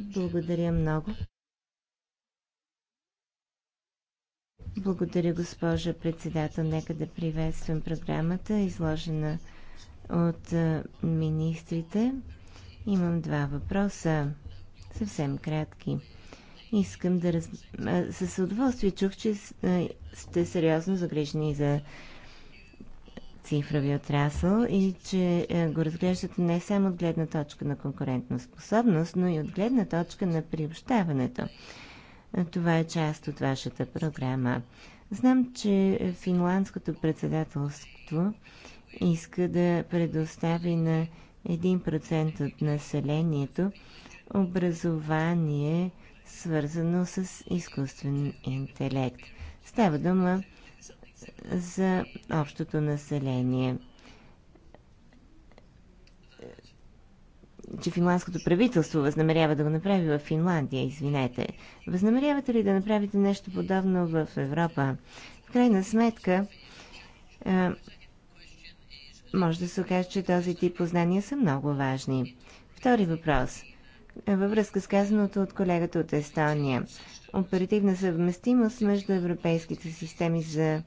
Благодаря много. Благодаря, госпожа председател. Нека да приветствам програмата, изложена от министрите. Имам два въпроса съвсем кратки. Искам да раз... С удоволствие чух, че сте сериозно загрижени за цифрови отрасъл и че го разглеждате не само от гледна точка на конкурентна способност, но и от гледна точка на приобщаването. Това е част от вашата програма. Знам, че финландското председателство иска да предостави на 1% от населението образование, свързано с изкуствен интелект. Става дума за общото население. Че финландското правителство възнамерява да го направи в Финландия, извинете. Възнамерявате ли да направите нещо подобно в Европа? В крайна сметка, може да се окаже, че този тип познания са много важни. Втори въпрос. Е във връзка с казаното от колегата от Естония. Оперативна съвместимост между европейските системи за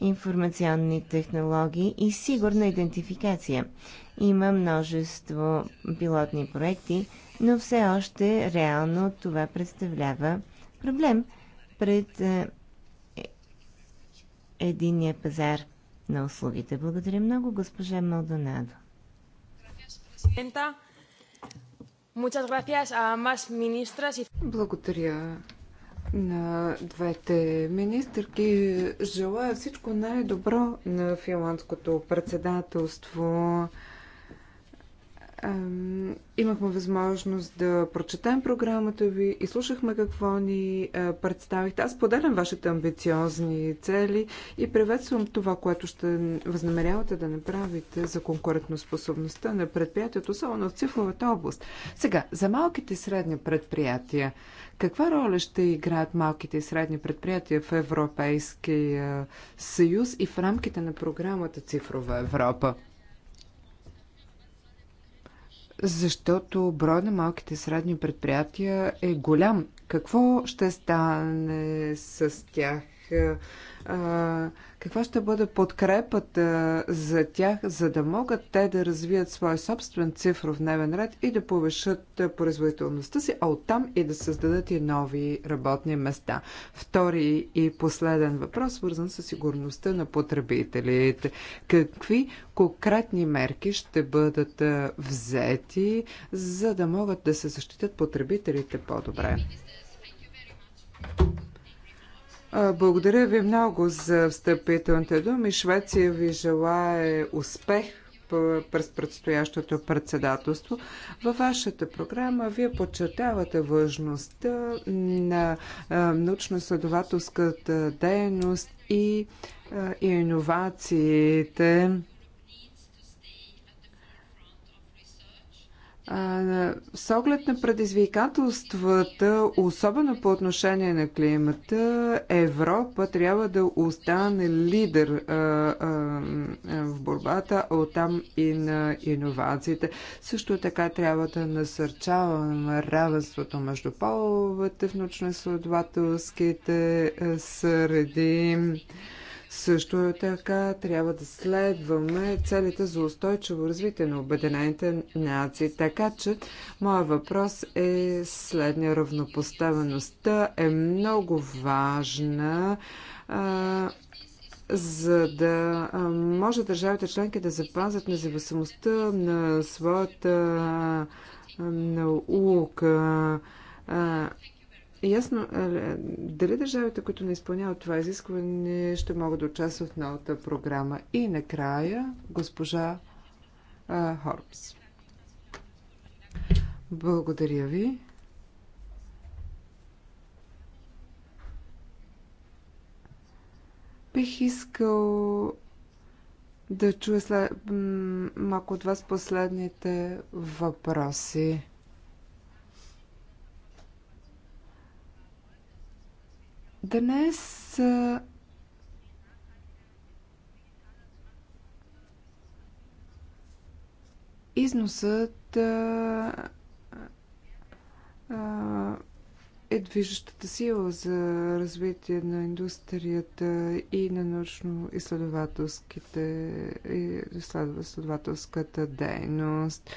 информационни технологии и сигурна идентификация. Има множество пилотни проекти, но все още реално това представлява проблем пред е, единия единния пазар на услугите. Благодаря много, госпожа Малдонадо. Благодаря на двете министърки. Желая всичко най-добро на финландското председателство. Имахме възможност да прочетем програмата ви и слушахме какво ни представихте. Аз поделям вашите амбициозни цели и приветствам това, което ще възнамерявате да направите за конкурентоспособността на предприятието, особено в цифровата област. Сега, за малките и средни предприятия, каква роля ще играят малките и средни предприятия в Европейския съюз и в рамките на програмата Цифрова Европа? защото брой на малките и средни предприятия е голям. Какво ще стане с тях? А, каква ще бъде подкрепата е, за тях, за да могат те да развият своя собствен цифров дневен ред и да повишат е, производителността си, а оттам и да създадат и нови работни места? Втори и последен въпрос, свързан с сигурността на потребителите. Какви конкретни мерки ще бъдат е, взети, за да могат да се защитят потребителите по-добре? Благодаря ви много за встъпителните думи. Швеция ви желае успех през предстоящото председателство. Във вашата програма вие подчертавате важността на научно-следователската дейност и иновациите С оглед на предизвикателствата, особено по отношение на климата, Европа трябва да остане лидер в борбата, а оттам и на иновациите. Също така трябва да насърчаваме равенството между половете в научно-изследователските среди също е така трябва да следваме целите за устойчиво развитие на Обединените нации. Така че, моят въпрос е следния. Равнопоставеността е много важна а, за да може държавите членки да запазят независимостта на своята наука. А, Ясно, е, дали държавите, които не изпълняват това изискване, ще могат да участват в новата програма? И накрая, госпожа а, Хорбс. Благодаря ви. Бих искал да чуя след, малко от вас последните въпроси. Днес износът е движещата сила за развитие на индустрията и на научно-изследователската дейност.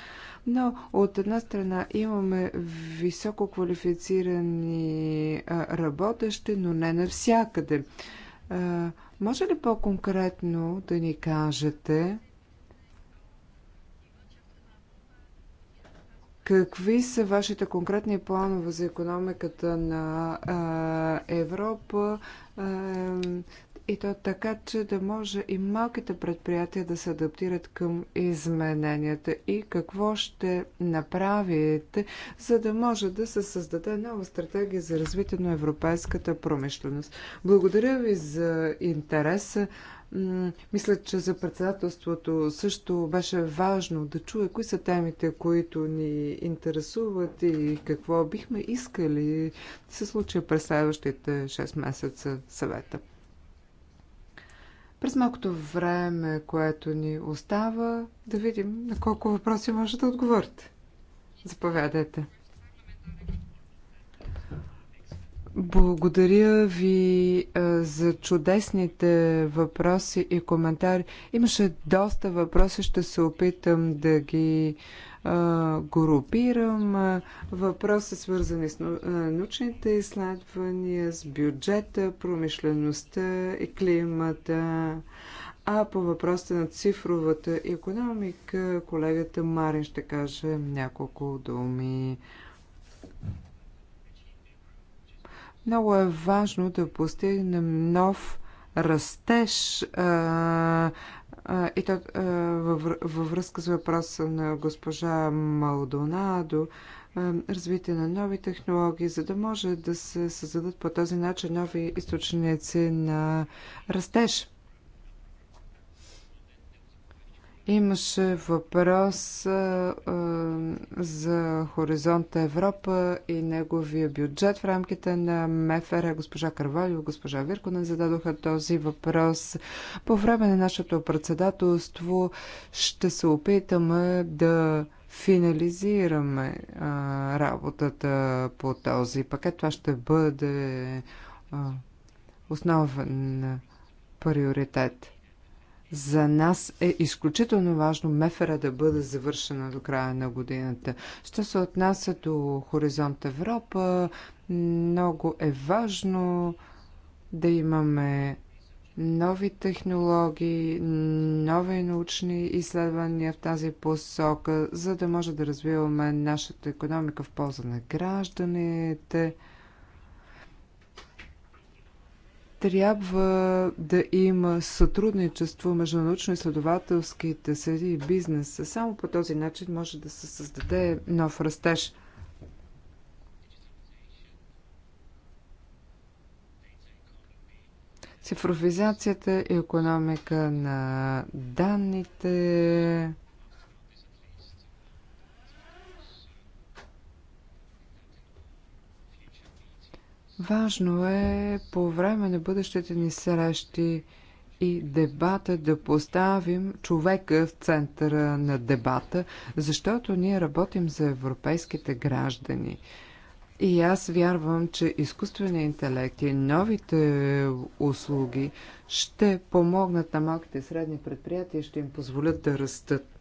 Но от една страна имаме високо квалифицирани работещи, но не навсякъде. Може ли по-конкретно да ни кажете Какви са вашите конкретни планове за економиката на Европа? и то така, че да може и малките предприятия да се адаптират към измененията и какво ще направите, за да може да се създаде нова стратегия за развитие на европейската промишленост. Благодаря ви за интереса. Мисля, че за председателството също беше важно да чуя кои са темите, които ни интересуват и какво бихме искали да се случи през следващите 6 месеца съвета. През малкото време, което ни остава, да видим на колко въпроси може да отговорите. Заповядайте. Благодаря ви за чудесните въпроси и коментари. Имаше доста въпроси, ще се опитам да ги групирам. Въпроси свързани с научните изследвания, с бюджета, промишлеността и климата. А по въпросите на цифровата економика, колегата Марин ще каже няколко думи. Много е важно да постигнем нов растеж а, а, и то, а, във, във връзка с въпроса на госпожа Малдонадо развитие на нови технологии, за да може да се създадат по този начин нови източници на растеж. Имаше въпрос а, а, за Хоризонта Европа и неговия бюджет в рамките на МФР. Госпожа Карвалио, госпожа Вирконен зададоха този въпрос. По време на нашето председателство ще се опитаме да финализираме а, работата по този пакет. Това ще бъде а, основен приоритет. За нас е изключително важно Мефера да бъде завършена до края на годината. Що се отнася до Хоризонт Европа, много е важно да имаме нови технологии, нови научни изследвания в тази посока, за да може да развиваме нашата економика в полза на гражданите – трябва да има сътрудничество между научно-изследователските среди и бизнеса. Само по този начин може да се създаде нов растеж. Цифровизацията и економика на данните Важно е по време на бъдещите ни срещи и дебата да поставим човека в центъра на дебата, защото ние работим за европейските граждани. И аз вярвам, че изкуственият интелект и новите услуги ще помогнат на малките и средни предприятия и ще им позволят да растат.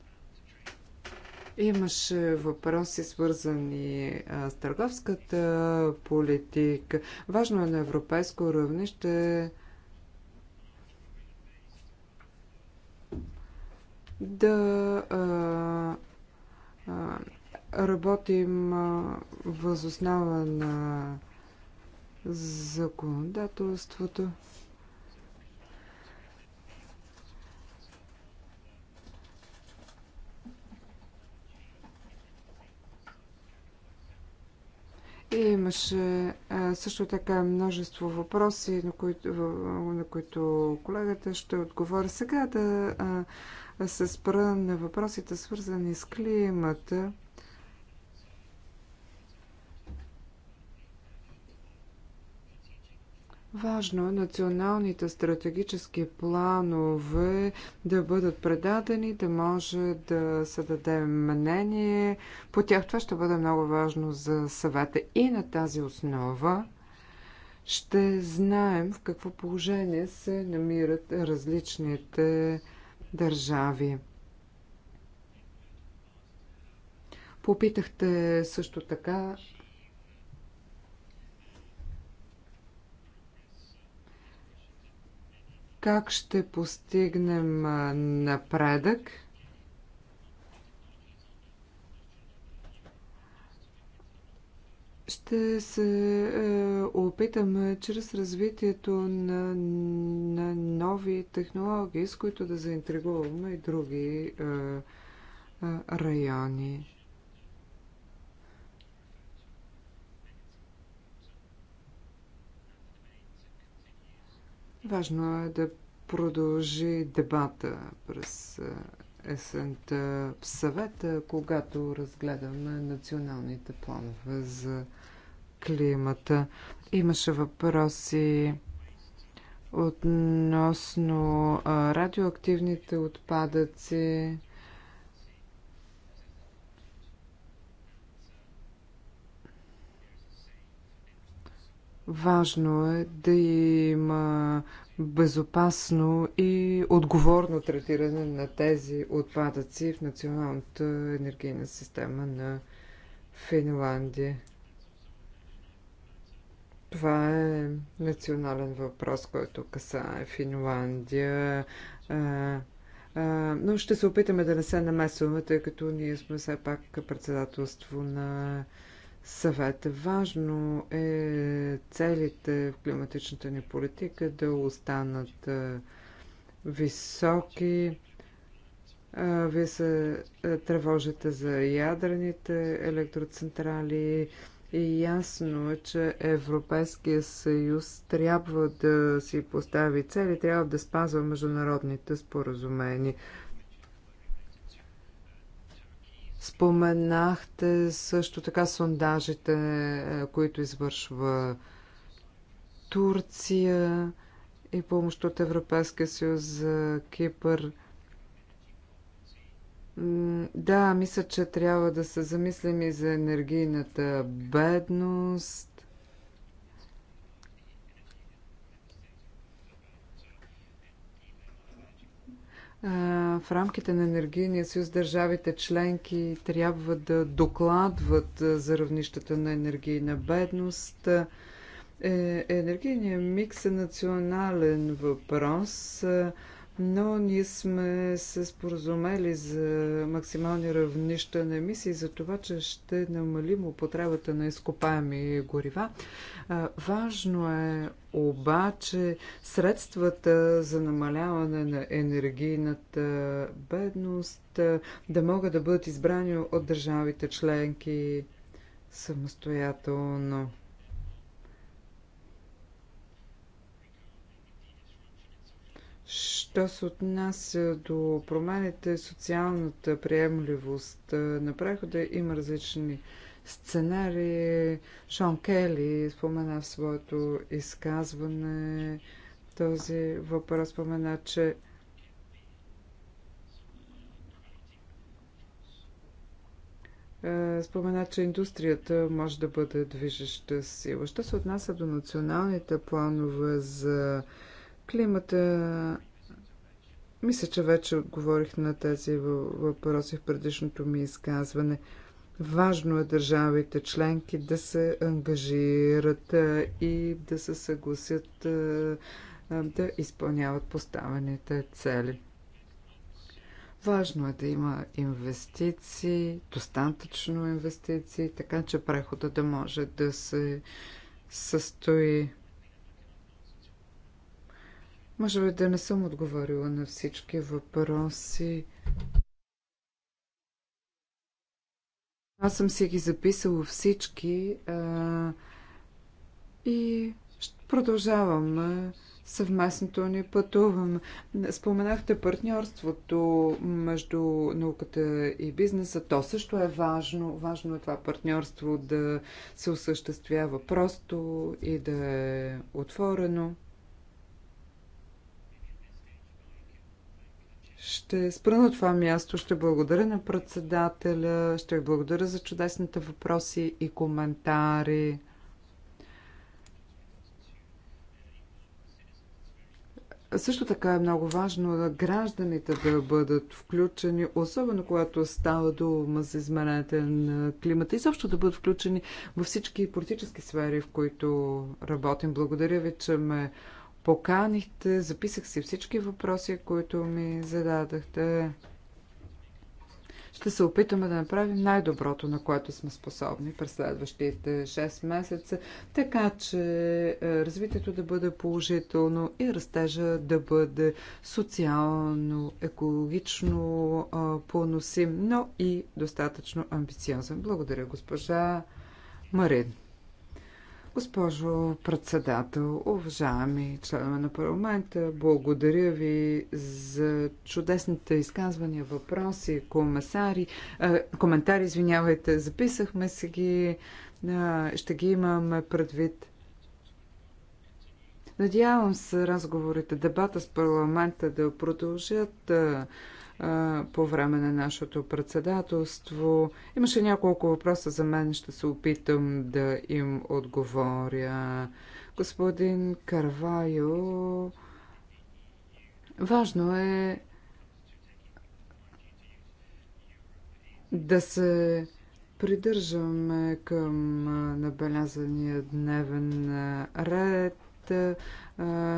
Имаше въпроси свързани с търговската политика. Важно е на европейско равнище да а, а, работим а, възоснова на законодателството. И имаше също така множество въпроси, на които, на които колегата ще отговори. Сега да се спра на въпросите, свързани с климата. Важно е националните стратегически планове да бъдат предадени, да може да се даде мнение по тях. Това ще бъде много важно за съвета. И на тази основа ще знаем в какво положение се намират различните държави. Попитахте също така как ще постигнем напредък ще се е, опитаме чрез развитието на, на нови технологии, с които да заинтригуваме и други е, е, райони. Важно е да продължи дебата през е, есента в съвета, когато разгледаме националните планове за климата. Имаше въпроси относно радиоактивните отпадъци. Важно е да има безопасно и отговорно третиране на тези отпадъци в националната енергийна система на Финландия. Това е национален въпрос, който касае Финландия. Но ще се опитаме да не се намесваме, тъй като ние сме все пак председателство на съвет. Важно е целите в климатичната ни политика да останат високи. Вие се тревожите за ядрените електроцентрали и ясно е, че Европейския съюз трябва да си постави цели, трябва да спазва международните споразумения. Споменахте също така сондажите, е, които извършва Турция и помощ от Европейския съюз за Кипър. Да, мисля, че трябва да се замислим и за енергийната бедност в рамките на енергийния съюз държавите членки трябва да докладват за равнищата на енергийна бедност. Е, енергийният микс е национален въпрос но ние сме се споразумели за максимални равнища на емисии, за това, че ще намалим употребата на изкопаеми горива. Важно е обаче средствата за намаляване на енергийната бедност да могат да бъдат избрани от държавите членки самостоятелно. Що се отнася до промените, социалната приемливост е, на прехода, има различни сценарии. Шон Кели спомена в своето изказване този въпрос, спомена, че е, спомена, че индустрията може да бъде движеща сила. Що се отнася до националните планове за Климата. Мисля, че вече отговорих на тези въпроси в предишното ми изказване. Важно е държавите членки да се ангажират и да се съгласят да изпълняват поставените цели. Важно е да има инвестиции, достатъчно инвестиции, така че прехода да може да се състои. Може би да не съм отговорила на всички въпроси. Аз съм си ги записала всички а, и продължавам а, съвместното ни пътувам. Споменахте партньорството между науката и бизнеса. То също е важно. Важно е това партньорство да се осъществява просто и да е отворено. Ще спра на това място, ще благодаря на председателя, ще ви благодаря за чудесните въпроси и коментари. Също така е много важно гражданите да бъдат включени, особено когато става дума за изменението на климата и също да бъдат включени във всички политически сфери, в които работим. Благодаря ви, че ме поканихте, записах си всички въпроси, които ми зададахте. Ще се опитаме да направим най-доброто, на което сме способни през следващите 6 месеца, така че е, развитието да бъде положително и растежа да бъде социално, екологично е, поносим, но и достатъчно амбициозен. Благодаря, госпожа Марин. Госпожо председател, уважаеми членове на парламента, благодаря ви за чудесните изказвания, въпроси, комесари, коментари, извинявайте, записахме си ги, ще ги имаме предвид. Надявам се разговорите, дебата с парламента да продължат по време на нашето председателство. Имаше няколко въпроса за мен, ще се опитам да им отговоря. Господин Карвайо, важно е да се придържаме към набелязания дневен ред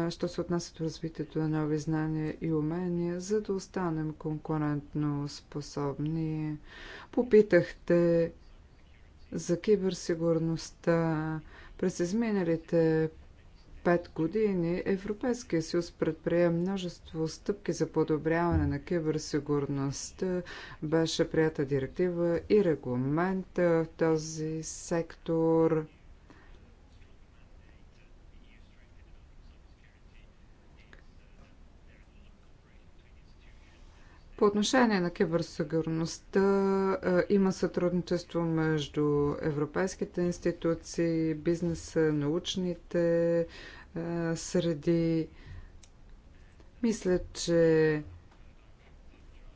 що се отнася до развитието на нови знания и умения, за да останем конкурентно способни. Попитахте за киберсигурността. През изминалите пет години Европейския съюз предприе множество стъпки за подобряване на киберсигурността. Беше прията директива и регламент в този сектор. По отношение на киберсигурността е, има сътрудничество между европейските институции, бизнеса, научните е, среди. Мисля, че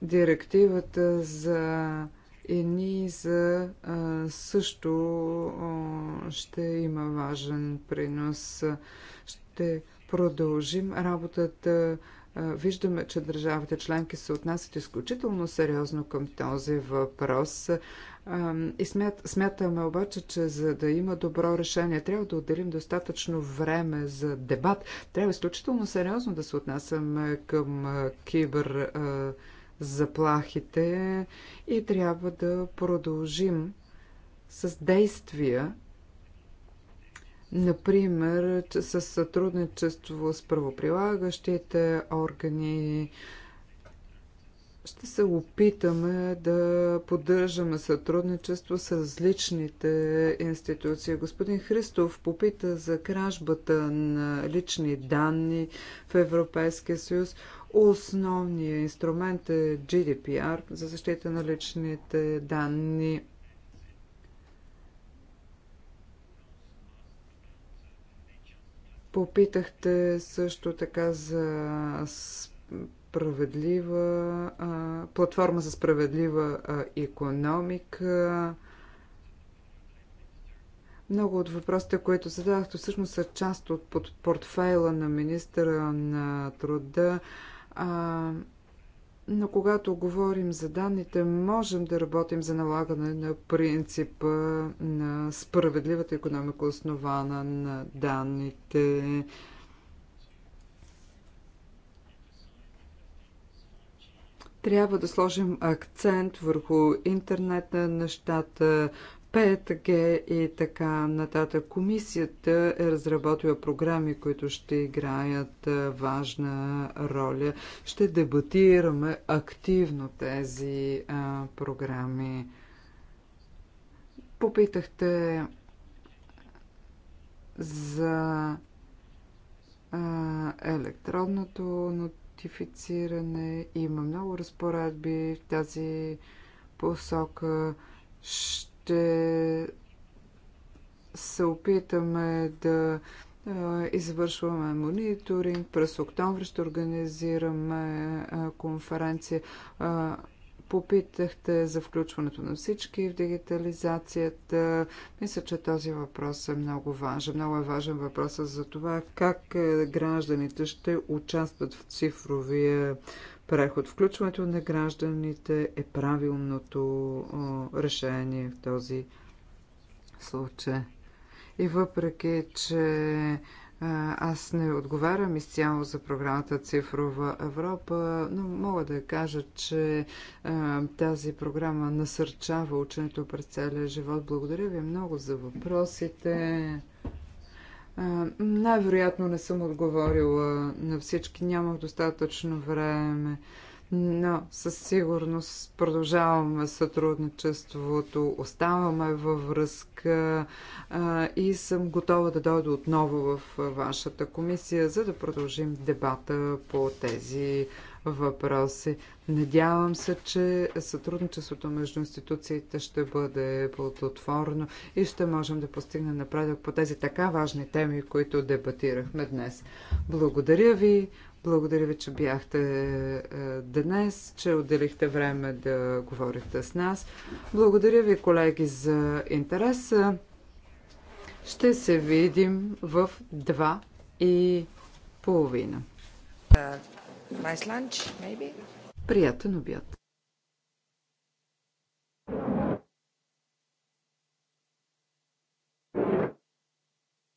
директивата за ЕНИ за е, също ще има важен принос. Ще продължим работата Виждаме, че държавите членки се отнасят изключително сериозно към този въпрос. И смят, смятаме обаче, че за да има добро решение, трябва да отделим достатъчно време за дебат. Трябва изключително сериозно да се отнасяме към кибер заплахите и трябва да продължим с действия, Например, с сътрудничество с правоприлагащите органи, ще се опитаме да поддържаме сътрудничество с различните институции. Господин Христов попита за кражбата на лични данни в Европейския съюз. Основният инструмент е GDPR за защита на личните данни. Попитахте също така за справедлива а, платформа за справедлива а, економика. Много от въпросите, които зададохте всъщност са част от портфейла на министъра на труда. А, но когато говорим за данните, можем да работим за налагане на принципа на справедливата економика, основана на данните. Трябва да сложим акцент върху интернет на нещата, 5G е и така нататък. Комисията е разработила програми, които ще играят важна роля. Ще дебатираме активно тези а, програми. Попитахте за а, електронното нотифициране. Има много разпоредби в тази посока. Ще ще се опитаме да извършваме мониторинг. През октомври ще организираме конференция. Попитахте за включването на всички в дигитализацията. Мисля, че този въпрос е много важен. Много е важен въпросът за това как е, гражданите ще участват в цифровия преход. Включването на гражданите е правилното решение в този случай. И въпреки, че аз не отговарям изцяло за програмата Цифрова Европа, но мога да кажа, че а, тази програма насърчава ученето през целия живот. Благодаря ви много за въпросите. Най-вероятно не съм отговорила на всички, нямах достатъчно време, но със сигурност продължаваме сътрудничеството, оставаме във връзка а, и съм готова да дойда отново в вашата комисия, за да продължим дебата по тези въпроси. Надявам се, че сътрудничеството между институциите ще бъде плодотворно и ще можем да постигнем напредък по тези така важни теми, които дебатирахме днес. Благодаря ви. Благодаря ви, че бяхте е, днес, че отделихте време да говорите с нас. Благодаря ви, колеги, за интереса. Ще се видим в 2 и половина. Е, Nice lunch, maybe? Приятен обяд.